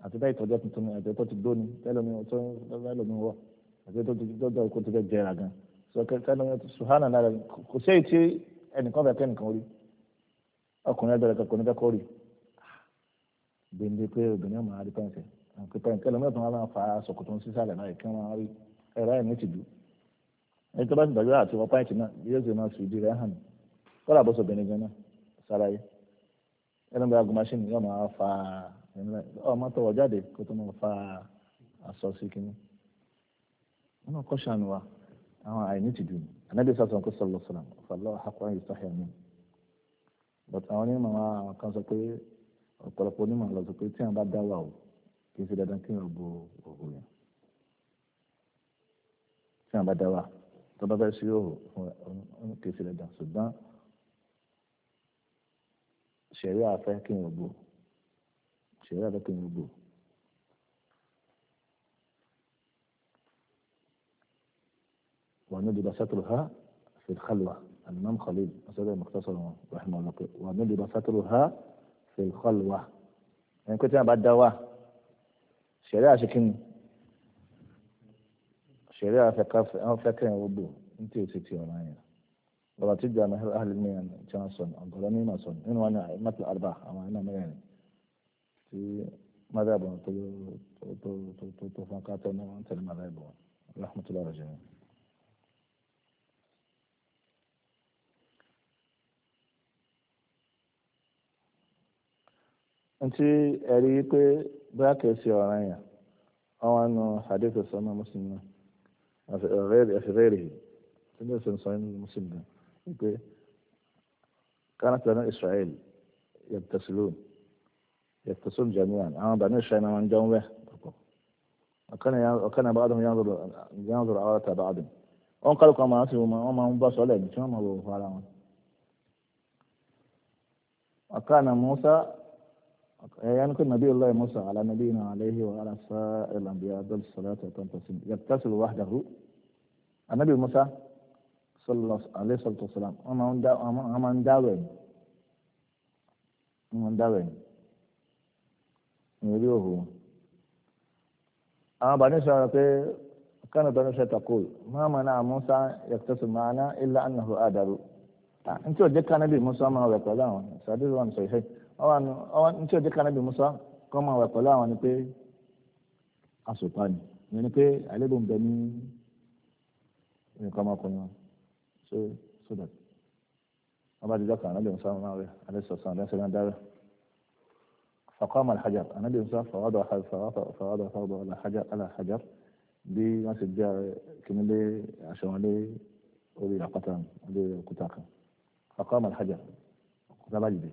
àti bẹ́ẹ̀ ìtọ́jọ́ tuntun ni àti ẹ̀tọ́ ti gbóni tẹ́lẹ̀mí ọ̀tọ́ ẹlòmí wọ̀ àti ẹ̀tọ́ ti dọ́jọ́ ikú ti fẹ́ jẹrà gan tẹ́lẹ̀mí suhana náà kò sí èyí tí ẹnìkan fẹ́ kẹ́nìkan rí ọkùnrin ẹgbẹ̀rẹ̀ kankan níbẹ̀ kọ́ rí gbèǹde pé obìnrin ọmọ àdìpẹ́ ẹ̀sẹ̀ àti pẹ́ẹ́n tẹ́lẹ̀mí ọ̀tún wọn máa fa sọ̀kòtò ń sísàlẹ̀ náà kí wọ́n rí ẹ̀rọ ẹ̀mí ti dù ẹni tó bá ti dàgbé àti wọ́n pàǹtì náà yóò ṣe máa ọmọ tó wọ jáde kó tó máa fa aṣọ sí kínní wọn náà kọ́ ṣàánú wa àwọn àìní ti dùn ànábì sàtọ̀ kó sọ̀rọ̀ sọ̀rọ̀ fàlọ́ àkọ́rọ̀ yìí sọ̀hìn àmì but àwọn onímọ̀ àwọn kan sọ pé ọ̀pọ̀lọpọ̀ onímọ̀ lọ sọ pé tí àwọn bá dá wà o kì í ṣe dandan kí wọ́n bo òwò yẹn tí àwọn bá dá wà tó bá fẹ́ sí òwò kì í ṣe dandan ṣùgbọ́n ṣẹ̀rí àfẹ́ kí wọ́n bo òwò. شيء هذا كان الوضوء وندب سترها في الخلوة الإمام خليل هذا مختصر رحمه الله وندب سترها في الخلوة يعني كنت أنا بعد دواء شريعة شكين شريعة ثقافة أو فكرة وضوء أنت وتكتير معي والله تجد أهل أهل المياه كان صن أنظر أني صن إنه أنا مثل أرباح أما أنا مياني تي ماذا بون تو تو تو تو انت ماذا رحمة الله رجعي انت اريك براك سي ورايا حديث السنة في غير في غيره تنسى سنة كانت لنا اسرائيل يبتسلون يتصل جميعا اما بعد انا من جنبه وكان بعضهم ينظر ينظر عورة بعض وان قالوا كما ناسي وما ما مباس ولا يجب ما هو فعلا وكان موسى يعني كل نبي الله موسى على نبينا عليه وعلى سائر الأنبياء دل الصلاة والتنفسين يتصل وحده النبي موسى صلى الله عليه وسلم وما من داوين وما من داوين ìrírí ohu àwọn bàdé sọ̀rọ̀ pé kánà bẹ̀rẹ̀ sọ takol ma náà musa yàtọ̀sọ̀ mọ́ná ilá anahu adaru ntí òjé kánà bí musa máa wẹ̀ pẹ̀lú musa kọ́ máa wẹ̀ pẹ̀lú àwọn ni ni so so that فقام الحجر النبي صلى الله عليه وسلم فوضع فوضع فرضه على حجر على حجر بمسجد كملي عشوالي ولي لقطان ولي قتاقة فقام الحجر تبجدي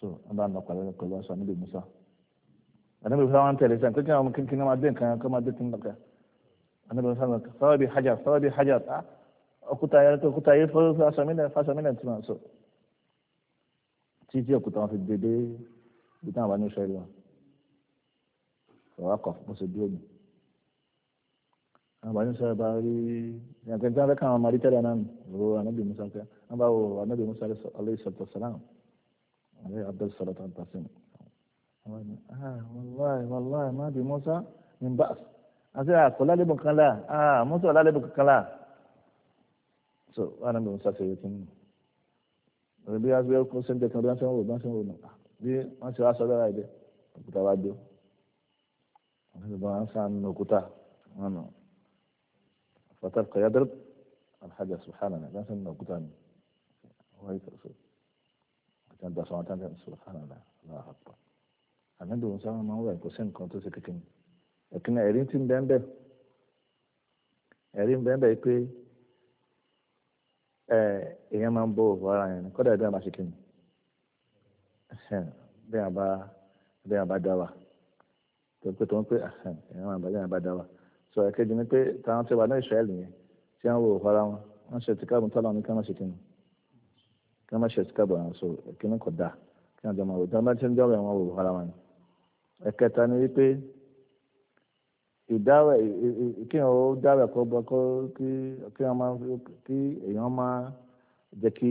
سو أنا نقول لك الله سبحانه النبي موسى النبي موسى أنت لسان كل كلام ممكن كنا معدين كنا كم معدين كنا أنا النبي موسى صار حجر صار بحجر أه أكو تاير أكو تاير فاس منه فاس منه تمام so títí òkúta wọn fi dédé bí táwọn bá ní sọ ẹlẹ́wọ̀n ọ̀rọ̀ akọ̀ mo sì dúró mi àwọn bá ní sọ ẹ bá rí ìyàgbẹ́ tí wọ́n fẹ́ káwọn máa rí tẹ́lẹ̀ náà ro anábì musa pé wọ́n bá wo anábì musa alayhi sọ̀tọ̀ sàlám alayhi abdul sọ̀rọ̀ tó ń tà mi. àwọn ẹni ah wàláì wàláì má bí musa ní bá àti àkọ́ ah, lálébù kan lá ah musa lálébù kan lá so anábì musa bí wọ́n ṣe kó sẹ́ńtẹ̀ kan bí wọ́n ṣe ń wò bí wọ́n ṣe ń wò nù bí wọ́n ṣe wá sọ lọ́ra ẹ̀dẹ́ òkúta wá dé wọ́n ṣe bá wọn sàn nínú òkúta wọn nù fatal kọyadr alhaja subhanallah bí wọ́n ṣe nínú òkúta nù wọ́n yí kọ̀ àti àgbà wọn tán tẹ́ subhanallah aláwọ̀ àpá àmẹ́dùn wọn sáwọn máa ń wà kó sẹ́ nǹkan tó ṣe kékeré ẹ̀kínà ẹ̀rí ti ń bẹ́ẹ̀ bẹ́ẹ̀ ẹ̀rí bẹ́ẹ̀ bẹ́ẹ̀ èèyàn máa ń bó òwò ara yẹn kọ́dà bí wọ́n bá ṣe kí ni bí wọ́n bá bí wọ́n bá dá wà tó pé tó ń pé èèyàn máa ń bá bí wọ́n bá dá wà sọ ẹ̀kejì ni pé táwọn tí wọ́n ní Ísírẹ́lì yẹn tí wọ́n wo òwò ara wọn wọ́n ṣe ti káàbù tọ́lá ní ká má ṣe kí ni ká má ṣe ti káàbù àwọn sọ kí kò dáa kí wọ́n jọ máa wò tí bá ti ń jọ́ ìdáwẹ̀ kí èèyàn ó dáwẹ̀ kó bọ́ kó kí kí èèyàn máa kí èèyàn máa jẹ́ kí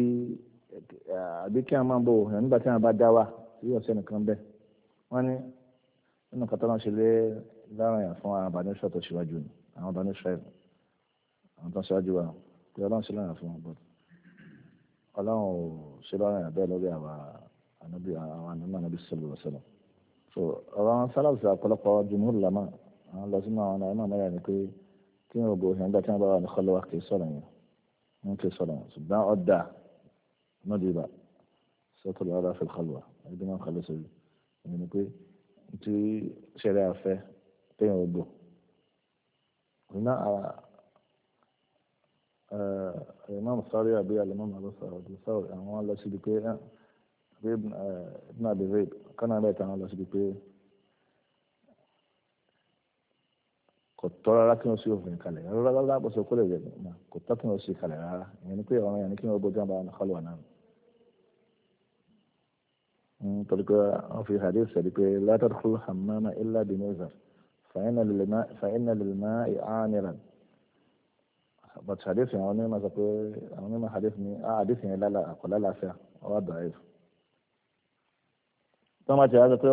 àbí kí èèyàn máa bò wò nígbà tí èèyàn bá dá wà sí ọ̀sẹ̀ nìkan bẹ́ẹ̀ wọ́n ní nínú kàtà náà ṣe lé láwọn èèyàn fún àwọn àbáni tó ṣíwájú ni àwọn àbáni ìṣòro àwọn tó ṣíwájú wa pé ọlọ́run ṣe lọ́yàn fún wọn bọ́t ọlọ́run ò ṣe lọ́yàn bẹ́ẹ̀ lórí àwọn ànábì àwọn ànábì sọ̀rọ̀ sọ̀rọ̀ so ọ̀rọ̀ sálàbùsà ọ̀pọ̀lọpọ̀ jùmọ̀ làmáà àwọn lọ sínú àwọn náà mọ̀mọ́ yà ni pé kí wọ́n bo ìhìn dátí wọ́n bá wà ní kọ́lọ́wà kì í sọ̀rọ̀ yẹn wọ́n kì í sọ̀rọ̀ yẹn ṣùgbọ́n ọ̀dà náà di ibà sọ́tọ̀ lọ́dà fi kọ́lọ́wà ẹbí náà kọ́lọ́ sórí ẹni ni pé tí ṣẹlẹ̀ àfẹ́ téèyàn ò bò ìná imam sari àbí alimam alasaradu sáwọ àwọn lọ síbi pé ibn abi zayd kánà bẹ́ẹ̀ tàn lọ síbi pé. kò tọ́ rárá kí wọ́n sí obìnrin kalẹ̀ rárá rárá bó ṣe kó lè yẹn náà kò tọ́ kí wọ́n sí kalẹ̀ rárá ìyẹn ni pé ọ̀rọ̀ yẹn ni kí wọ́n bójú àbá wọn kọ́lọ̀ náà. Hmm, torí pé wọ́n fi hadith sẹ́ni pé la tadkhulu hammama illa bimizar fa inna lilma'i amiran. but hadith yẹn àwọn onímọ̀ sọ pé àwọn onímọ̀ hadith ni ah, hadith àkọ́lá láfíà ọ̀dọ̀ àìsàn tọ́mà tí a sọ pé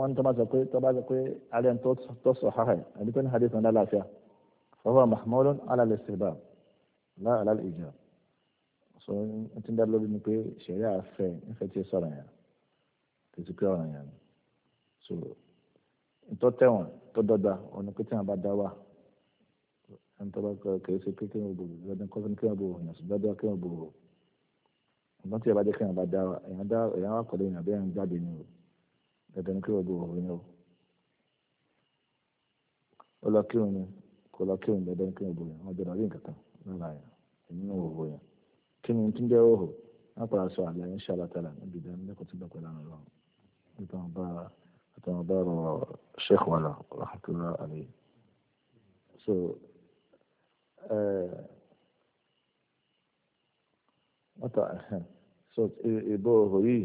wọ́n tọ́mà sọ pé tọ́mà sọ pé alẹ́ tó sọ ha ẹ̀ àbí tó ní hadith náà láàfíà fọwọ́ mahmudun alal istihbab la alal ijab so n ti ń dá lórí ni pé ṣẹ̀rí àfẹ́ ìfẹ́ tí ì sọ̀rọ̀ yẹn kì í ti pé ọ̀rọ̀ yẹn so ntọ́ tẹ̀wọ̀n tó dọ́gba ọ̀nà pé tí wọn bá dá wà ntọ́ba kì í ṣe pé kí wọn bò lọ́dún kọ́sán kí wọn bò yàn sí lọ́dún kí wọn bò ọ̀nà ẹ̀bẹ̀ ní kí wọ́n gbé òhòrò yẹn o ó ni kó lọ ẹ̀bẹ̀ ní kí wọ́n gbé òhòrò yẹn nǹkan kan lára yẹn nínú òhòrò yẹn kí ni tí ń jẹ́ òhò padà sọ àlẹ́ ṣe alátàlà níbi tí bẹ́ẹ̀ pẹ̀lú rọ sheikh rahmatulah alayhi so wọ́n ta so ìbò òhò yìí.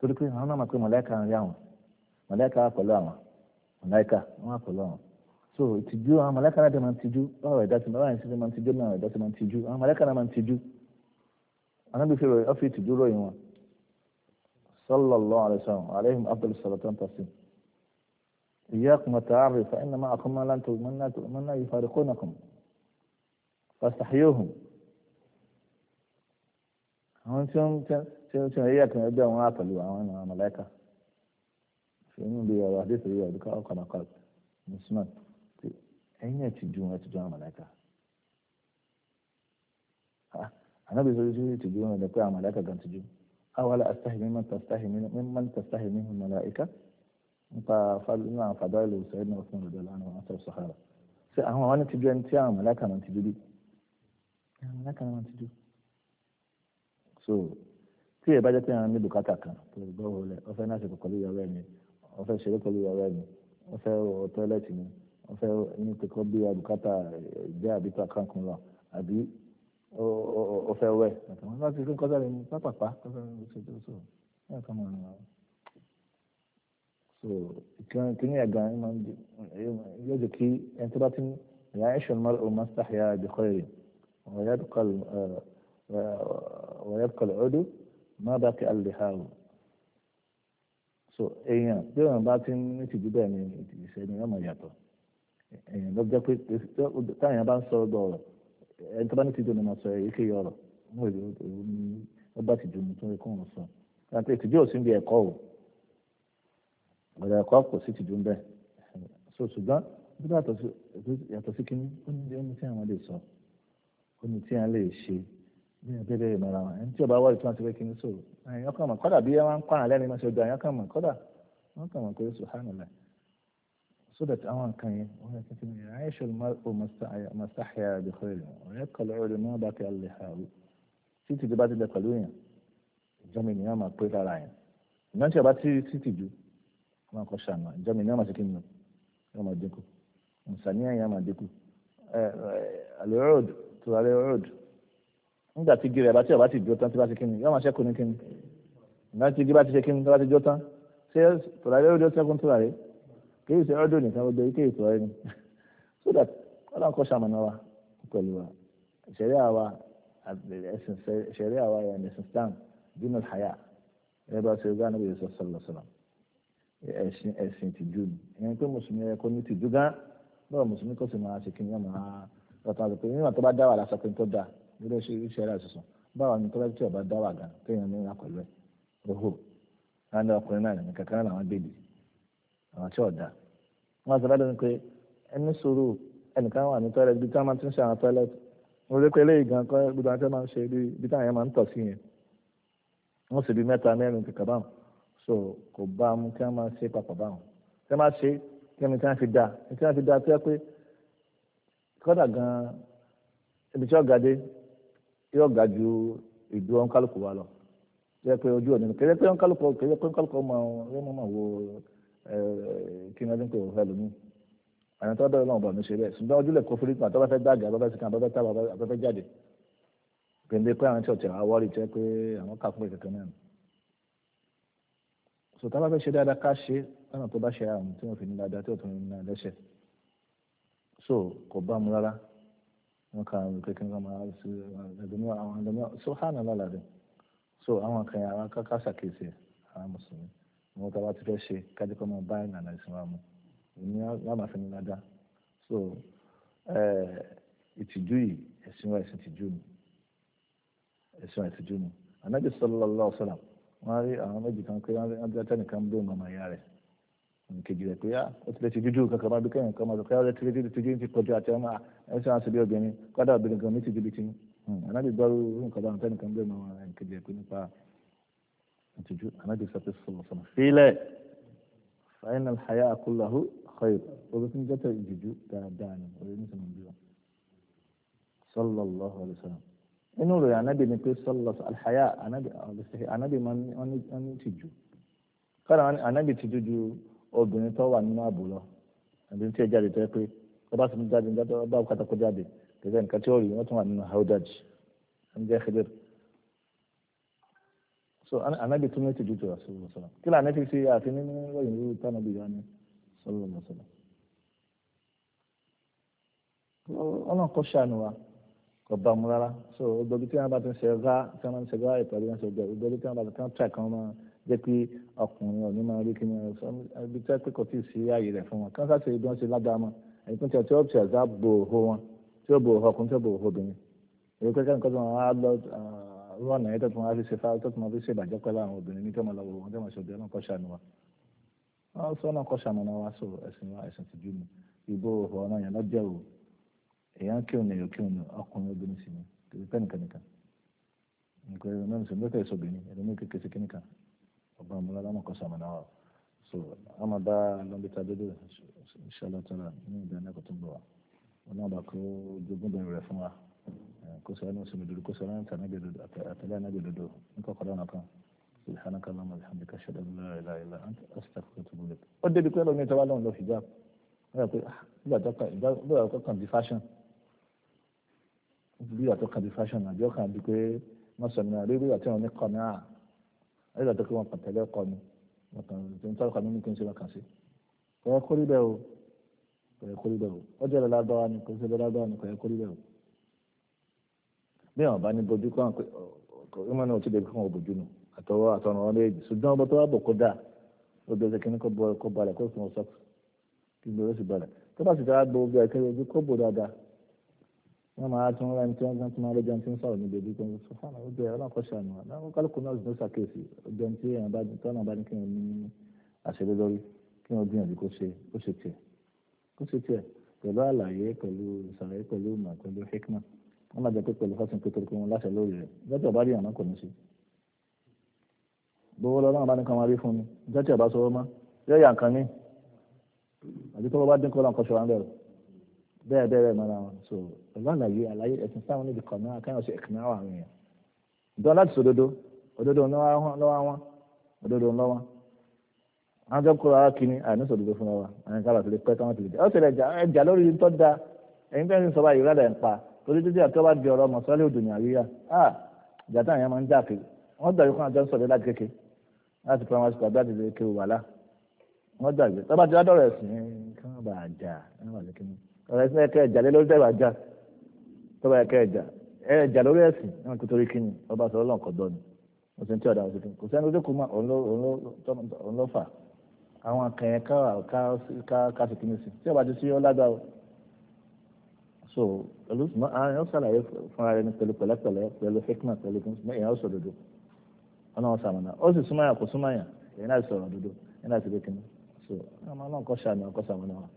torí pé àwọn náà máa pe mọ̀láìka ń rí àwọn mọ̀láìka wà pẹ̀lú àwọn mọ̀láìka wọ́n wà pẹ̀lú àwọn so ìtìjú àwọn mọ̀láìka náà dé máa ń tijú báwo ẹ̀dá ti báwo ẹ̀sìn máa ń tijú náà ẹ̀dá ti máa ń tijú àwọn mọ̀láìka náà máa ń tijú anábì fi ròyìn ọ́fíì ìtìjú ròyìn wọn sallallahu alaihi wasallam alaihim tí ó ń ṣe ẹ̀yà kan ẹgbẹ́ àwọn àpẹ̀lú àwọn ènìyàn mọ̀lẹ́kà fi inú bí ọ̀rọ̀ àdéhùn yìí ọ̀dùkọ́ ọ̀kọ̀nàkọ̀ mùsùlùmí tí ẹ̀yìn ẹ̀ ti ju wọn ti ju àwọn mọ̀lẹ́kà. ànábì sọ sí ti ju wọn ẹ̀dẹ̀ pé àwọn mọ̀lẹ́kà gan ti ju awàlẹ̀ astahi mímọ́ tastahi mímọ́ tastahi mímọ́ mọ̀lẹ́kà nípa fàlùmọ́ àwọn fàdá ìlú sẹ́yìn náà fún ìrọ̀lẹ́ àwọn àwọn sọ̀rọ̀ sàhárà ṣé àwọn àwọn ti ju ẹni tí àwọn mọ̀lẹ́kà náà ti ju bí àwọn mọ̀lẹ́kà náà ti ju. so tí ẹ bá jẹ́ pé àwọn ní bùkátà kan tó gbọ́ wọlé wọ́n fẹ́ náà ṣe pẹ̀lú ìyàwó ẹ̀mí wọ́n fẹ́ ṣeré pẹ̀lú ìyàwó ẹ̀mí wọ́n wọ tọ́lẹ́tì ni wọ́n fẹ́ ní kíkọ́ bí àbùkátà ìjẹ́ àbí tó àkànkùn lọ àbí ó fẹ́ wẹ̀ wọ́n bá ti rí kọ́sá rẹ̀ pápápá kọ́sá rẹ̀ ṣe tó so ẹ̀ kọ́ mọ̀ ọ́n so kíní ẹ̀gàn yóò jẹ́ kí ẹni tó bá ti يعيش المرء ما استحيا بخير má bá kí alìhàrù so èèyàn bí wọn bá ti ní ìtìjú bẹ́ẹ̀ ni ìṣe ni wọn mọ yàtọ̀ èèyàn ló jẹ pé táyà bá ń sọ ọ̀dọ̀ ọ̀rọ̀ ẹni tó bá ní ìtìjú ni mo sọ èyí kéye ọ̀rọ̀ mo rè é ní wọn bá ìtìjú mi tó ń kó wọn sọ àti ìtìjú ò sí bí ẹ̀kọ́ o ọ̀rọ̀ ẹ̀kọ́ kò sí ìtìjú ń bẹ so ṣùgbọ́n bí yàtọ̀ sí kíní ó ní tí àwọn lè sọ ó ní tí àwọn lè ṣe ní ìbéèrè ìmọ̀ràn wọn ẹni tí ọba wọ́ọ̀dì tí wọ́n ti fẹ́ kí n sòrò ẹ̀yìn ọkàn mọ̀ kọ́dà bí wọ́n ń pa àlẹ́ ni wọ́n ṣe dùn ẹ̀yìn ọkàn mọ̀ kọ́dà wọ́n kàn mọ̀ pé subhanallah so that àwọn nǹkan yẹn wọ́n yẹ kí n yẹ aisha o mustahya bi khayr ọ̀rẹ́ kọlọ́ ọ̀rẹ́ mọ́ bá kí alẹ́ ha wí tí tìjú bá ti dẹ pẹ̀lú yẹn ìjọba ènìyàn máa pé lára yẹn ìmọ̀ tí ọba tí tí tìjú wọn kọ ṣàmà ìjọba ènìyàn máa ṣe kí n lọ yọ máa dínkù nsàníyàn yẹn máa dínkù ẹ ẹ alẹ́ rọ́ọ̀dù tó alẹ́ rọ́ọ̀dù nígbà tí igi rẹ̀ bá tí ọ̀bá ti dúró tán tí bá ti kíni yóò máa ṣẹ́kù ní kíni ìgbà tí igi bá ti ṣe kíni tó bá ti dúró tán ṣé tòlàrí ọdún ṣẹ́kùn tòlàrí kìí ṣe ọdún nìkan gbogbo ike ìtòlàrí ni so that ọlọ́run kọ́ ṣàmùnà wa pẹ̀lú wa ìṣẹ̀rí àwa ẹ̀sìn ìṣẹ̀rí àwa ẹ̀sìn stan dínú haya ẹ bá ṣe ni ìyẹn pé mùsùlùmí ẹ kò ní tìjú gán bọ́ọ̀ mùsùlùmí kò sì máa ṣe kí ni wọ́n máa rọ̀tàn àti pé nígbà tó ilé iṣẹ́ rà sísun báwa ni tọ́lá tí ọba dá wà gan kéèyàn ní ìlà pẹ̀lú ẹ̀ roho láńdá ọkùnrin náà ní kankan làwọn bèbí àwọn tí ọ̀dà wọn sọ lọ́dọ̀ ni pé ẹni sòrò ẹnìkan wà ní tọ́lá ibi tí wọ́n máa ti ń ṣe àwọn tọ́lá mo rí pé eléyìí gan kan gbogbo àti máa ń ṣe ibi táwọn yẹn máa ń tọ̀ sí yẹn wọ́n sì bí mẹ́ta mẹ́rin kankan báwọn so kò bá mu kí wọ́n máa ṣe papọ̀ báwọn kí wọ́n máa ṣe kí wọ́n ti fi da kí wọ́n fi da pé kọ́dà gan ibi tí ọ̀gá dé yóò ga ju ìdúró ńkálukú wa lọ jẹ́ pé ojú òní kẹ́jẹ́ pé ńkálukú kẹ́jẹ́ pé ńkálukú ọmọ yóò mọ̀ wo kí ni ọdún pé òun fẹ́ lómi àwọn tó dọ̀rọ̀ náà bọ̀ ní ṣe bẹ́ẹ̀ ṣùgbọ́n ojúlẹ̀ kó fúrí kan tó bá fẹ́ dàgẹ̀ abẹ́fẹ́ sí kan abẹ́fẹ́ tábà abẹ́fẹ́ jáde gbèǹde pé àwọn tí ọ̀tẹ̀ wá wọ́ọ̀rì jẹ́ pé àwọn kà fún ìkẹ̀kẹ́ náà sọ tá bá fẹ́ ṣe dáadáa ká ṣe lọ́nà tó bá ṣe àrùn tí wọ́n fi ní dáadáa tí ò tún ní lẹ́sẹ̀ so kò bá mu rárá nǹkan àwọn olùkẹ́kẹ́ nǹkan máa ṣe ẹ̀dùnmọ́ àwọn ẹ̀dùnmọ́ sọ́hánà lọ́la rẹ̀ so àwọn kan yàrá káká ṣàkíyèsí àwọn mùsùlùmí wọn tá a bá ti fẹ́ ṣe kájú kọ́ máa bá ìlànà ìsìn wa mu ìní lámàfin ní ládá so ìtìjú yìí ẹ̀sìn wa ẹ̀sìn tìjú ni ẹ̀sìn wa ẹ̀sìn tìjú ni anabi sallallahu alaihi wasallam wọn rí àwọn méjì kan pé wọn bí atẹnìkan bí òun ọmọ ìyá rẹ̀ nìkejì rẹ̀ pé ah, ó ti lè ti dúdú kankan máa bí kẹ́yìn kan máa sọ pé ah, ó ti lè ti dúdú ti ẹ ṣe àṣẹ bí obìnrin kọ́dà obìnrin kan ní ti jìbìtì hmm, ànábì gbọ́rú nǹkan bá nǹkan nǹkan bẹ́ẹ̀ máa ń kejì ẹ̀kú nípa ìtìjú ànábì sọfẹ́ sọ̀rọ̀ sọ̀rọ̀ sílẹ̀ fàyínà àyà àkúláhù khayr orí fún jẹ́tẹ̀ ìtìjú dáadáa ni orí ní sọ̀rọ̀ bí wọn. sallallahu alaihi wasallam inú rẹ̀ ànábì ni pé sallallahu alhaya ànábì máa ń tìjú kọ́dà ànábì tìjú ju obìnrin tó wà nínú àbúrò obìnrin tí ẹ jáde tó pé ọba sì ń jáde nígbà tó ọba òkúta kó jáde kẹsẹ̀ nǹkan tí ó rí wọ́n tún wà nínú haudaj ń jẹ́ Khidir so anabi tún ní tìjú tó àṣìwò sọlá kí lóò anabi ṣe àfi nínú lóyún lórí tánàbí yóò ní sọlá lọ sọlá. ọlọ́run kọ́ ṣàánú wa kò bá mu rárá so gbogbo tí wọn bá ti ń ṣe gá tí wọn bá ti ń ṣe gá ìpàdé wọn ṣe gbẹ gbogbo tí wọn bá ti ń tẹ̀ kan máa jẹ́ pé ọkùnrin ọ̀nì máa rí kí ni ibi tí wọn pé kò tí ì sí ààyè rẹ̀ fún wọn kí wọn sá ẹ̀kún tí ó ti ọ̀sá bo òhó wọn tí ó bo òhó ọkùnrin tí ó bo òhó obìnrin èyí pé kẹ́kọ̀ọ́ tó wọn á lọ rú ọ̀nà yìí tó tún wọn á fi ṣe fá tó tún wọn fi ṣe ìbàjẹ́ pẹ́lú àwọn obìnrin ní tọ́mọ lọ́wọ́ wọn tọ́mọ ṣòbí ọlọ́kọ̀ ṣàánú wa wọn sọ náà kọ́ ṣàánú wa sọ ẹ̀sìn wa ẹ̀sìn ti jú mi ìbò òhó ọ̀nà yẹn lọ́jọ́ o èèyàn kí òun èèyàn kí òun ọkùnrin obìnrin sì ni kì í pẹ́ nìkan nìkan nǹkan ẹ̀rọ náà sì ń bẹ́ẹ̀ fẹ́ sọ obìnrin ẹ̀rọ náà kékeré sí kíníkan ọ̀gbọ́n ọmọlá lọ́mọ kọ́ ṣàánú wa so ama bá lọ́nbítà dédé inshallah ta'ala ní ìdánilẹ́kọ̀ọ́ tó ń bọ̀ wá ọlọ́run bá kó jogún bẹ̀rẹ̀ rẹ̀ fún wa kó sọ ẹni òsèlú dodo kó sọ ẹni àtẹlẹ́ ànágbè dodo ní kọ̀kọ́rọ́ nìkan subhanaka allahumma wa bihamdika ashhadu an la ilaha illa anta astaghfiruka wa atubu ilayk ó débi pé ẹlòmíín tó bá lọ́run lọ hijab ó yà pé bóyá ọkọ̀ kan di fashion bí ọ̀tọ̀ kan di fashion àbí ọkàn di pé wọ́n sọ mi náà rí rí àti wọn ní kọ́ mi à rí ìlàtọ̀ kí wọ́n pàtẹ́lẹ́ kọ́ mi tẹ̀ntàkà mímú kí n ṣe bá kàn sí kọ̀yẹ́ kórí bẹ́ẹ̀ o kọ̀yẹ́ kórí bẹ́ẹ̀ o ọjọ́ ìlà lágbára ni kò ń ṣe bẹ́ẹ̀ lágbára ni kọ̀yẹ́ kórí bẹ́ẹ̀ o bí àwọn bá ní bojú kọ́ àwọn ìmọ̀ náà ti dẹ̀ kọ́ bojú nù àtọwọ́ àtọ̀nà ọ̀rẹ́ èjì ṣùgbọ́n ọba tó wà bọ̀ kó dáa ó bẹ ṣe kíní kó bọ̀ kó balẹ̀ kó sùn ọ̀sọ́kù kí gbogbo sì balẹ̀ tó wọ́n máa tún rẹ́ni tí wọ́n tún máa lọ́jọ́ tí ń sọ̀rọ̀ níbi ibi kan sọ fún àwọn ọjọ́ ọlọ́kọ̀ ṣàánú wa náà kálukú náà ló ṣàkíyèsí ọjọ́ tí èèyàn bá tọ́nà bá ní kí wọ́n ní àṣẹlẹ̀ lórí kí wọ́n gbìyànjú kó ṣe kó ṣe tiẹ̀ kó ṣe tiẹ̀ pẹ̀lú àlàyé pẹ̀lú ìsàlàyé pẹ̀lú ìmọ̀ pẹ̀lú hikma wọ́n máa jẹ́ pé pẹ̀lú fásitì pété kí wọ́n láṣẹ lórí rẹ̀ lọ́jọ́ bá rí àná kò ní sí gbogbo lọ́nà bá ní kan máa rí fún mi jẹ́ tí ọba sọ wọ́n mọ́ yẹ́ yà nǹkan ní àti tó bá dín kọ́ lọ́nà kọ́ ṣọ́ra ń bẹ̀rẹ̀ bẹ́ẹ̀ bẹ́ẹ̀ bẹ́ẹ̀ mara wọn so pẹ̀lú àlàyé àlàyé ẹ̀sìn sáwọn níbi kan náà káyọ̀ ṣe ẹ̀kìnà àwọn àwọn èèyàn dán láti sọ òdodo òdodo lọ́wọ́ wọn òdodo lọ́wọ́ àwọn jọ kúrò ara kìíní àní sọ òdodo fúnra wa àwọn ìkàlà tó lè pẹ́ táwọn ti lè jẹ́ ọ̀sẹ̀ rẹ̀ ẹja lórí tó da ẹ̀yin bẹ́ẹ̀ ni sọ́ba ìrẹ́lẹ̀ ń pa torí títí àti ọba di ọ̀rọ̀ mọ̀sálẹ́ òdò ní àríyá ah ìjàtà yẹn máa ń jà kiri wọ́n dàbí kó àjọ sọ̀rọ̀ láti kéke láti primary school àbí láti lè kéwù wàhálà wọ́n dàbí tọ́ba ti wá dọ̀rọ̀ ẹ̀sìn kí wọ́n bá a jà kí wọ́n bá a lè kéwù ọ̀rọ̀ ẹ̀sìn ẹ̀kẹ́ ẹ̀jà lé lórí dẹ́gbà já tọ́ba ẹ̀kẹ́ ẹ̀jà ẹ̀jà lórí ẹ̀sìn náà kò torí kí ni ọba sọ ọlọ́run kọ̀ dọ́ni kò sí ní tí ọ̀dà òsì kí ni kò sẹ́ni lójú kù mọ́ òun ló fà àwọn akẹ́yẹ ká sì kíni sí tí ọba ti sí ọ lágbàá o so olùsùnmọ́ àwọn èèyàn sàlàyé fúnra rẹ̀ ní pẹ̀lú pẹ̀lẹ́pẹ̀lẹ́ pẹ̀lú hikma pẹ̀lú kùnsùnmọ́ èèyàn sọ dodo ọ̀nà ọ̀sàmọ̀nà ó sì súnmọ́ yàn kò súnmọ́ yàn èèyàn náà sọ̀rọ̀ dodo èèyàn náà ti lé kíni so ọmọ náà kọ́ sàmì ọkọ̀ sàmọ̀nà wa.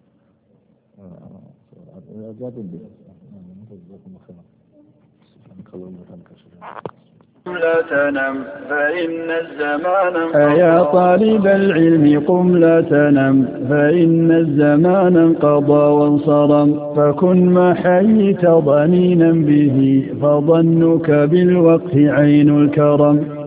لا تنم فإن الزمان يا طالب العلم قم لا تنم فإن الزمان انقضى وانصرم فكن ما حييت ضنينا به فظنك بالوقت عين الكرم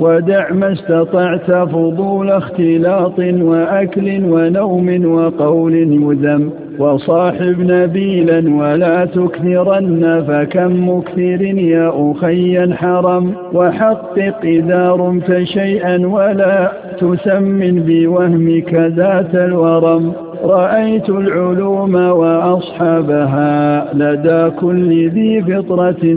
ودع ما استطعت فضول اختلاط وأكل ونوم وقول مذم وصاحب نبيلا ولا تكثرن فكم مكثر يا أخي حرم وحقق إذا رمت شيئا ولا تسمن بوهمك ذات الورم رأيت العلوم وأصحابها لدى كل ذي فطرة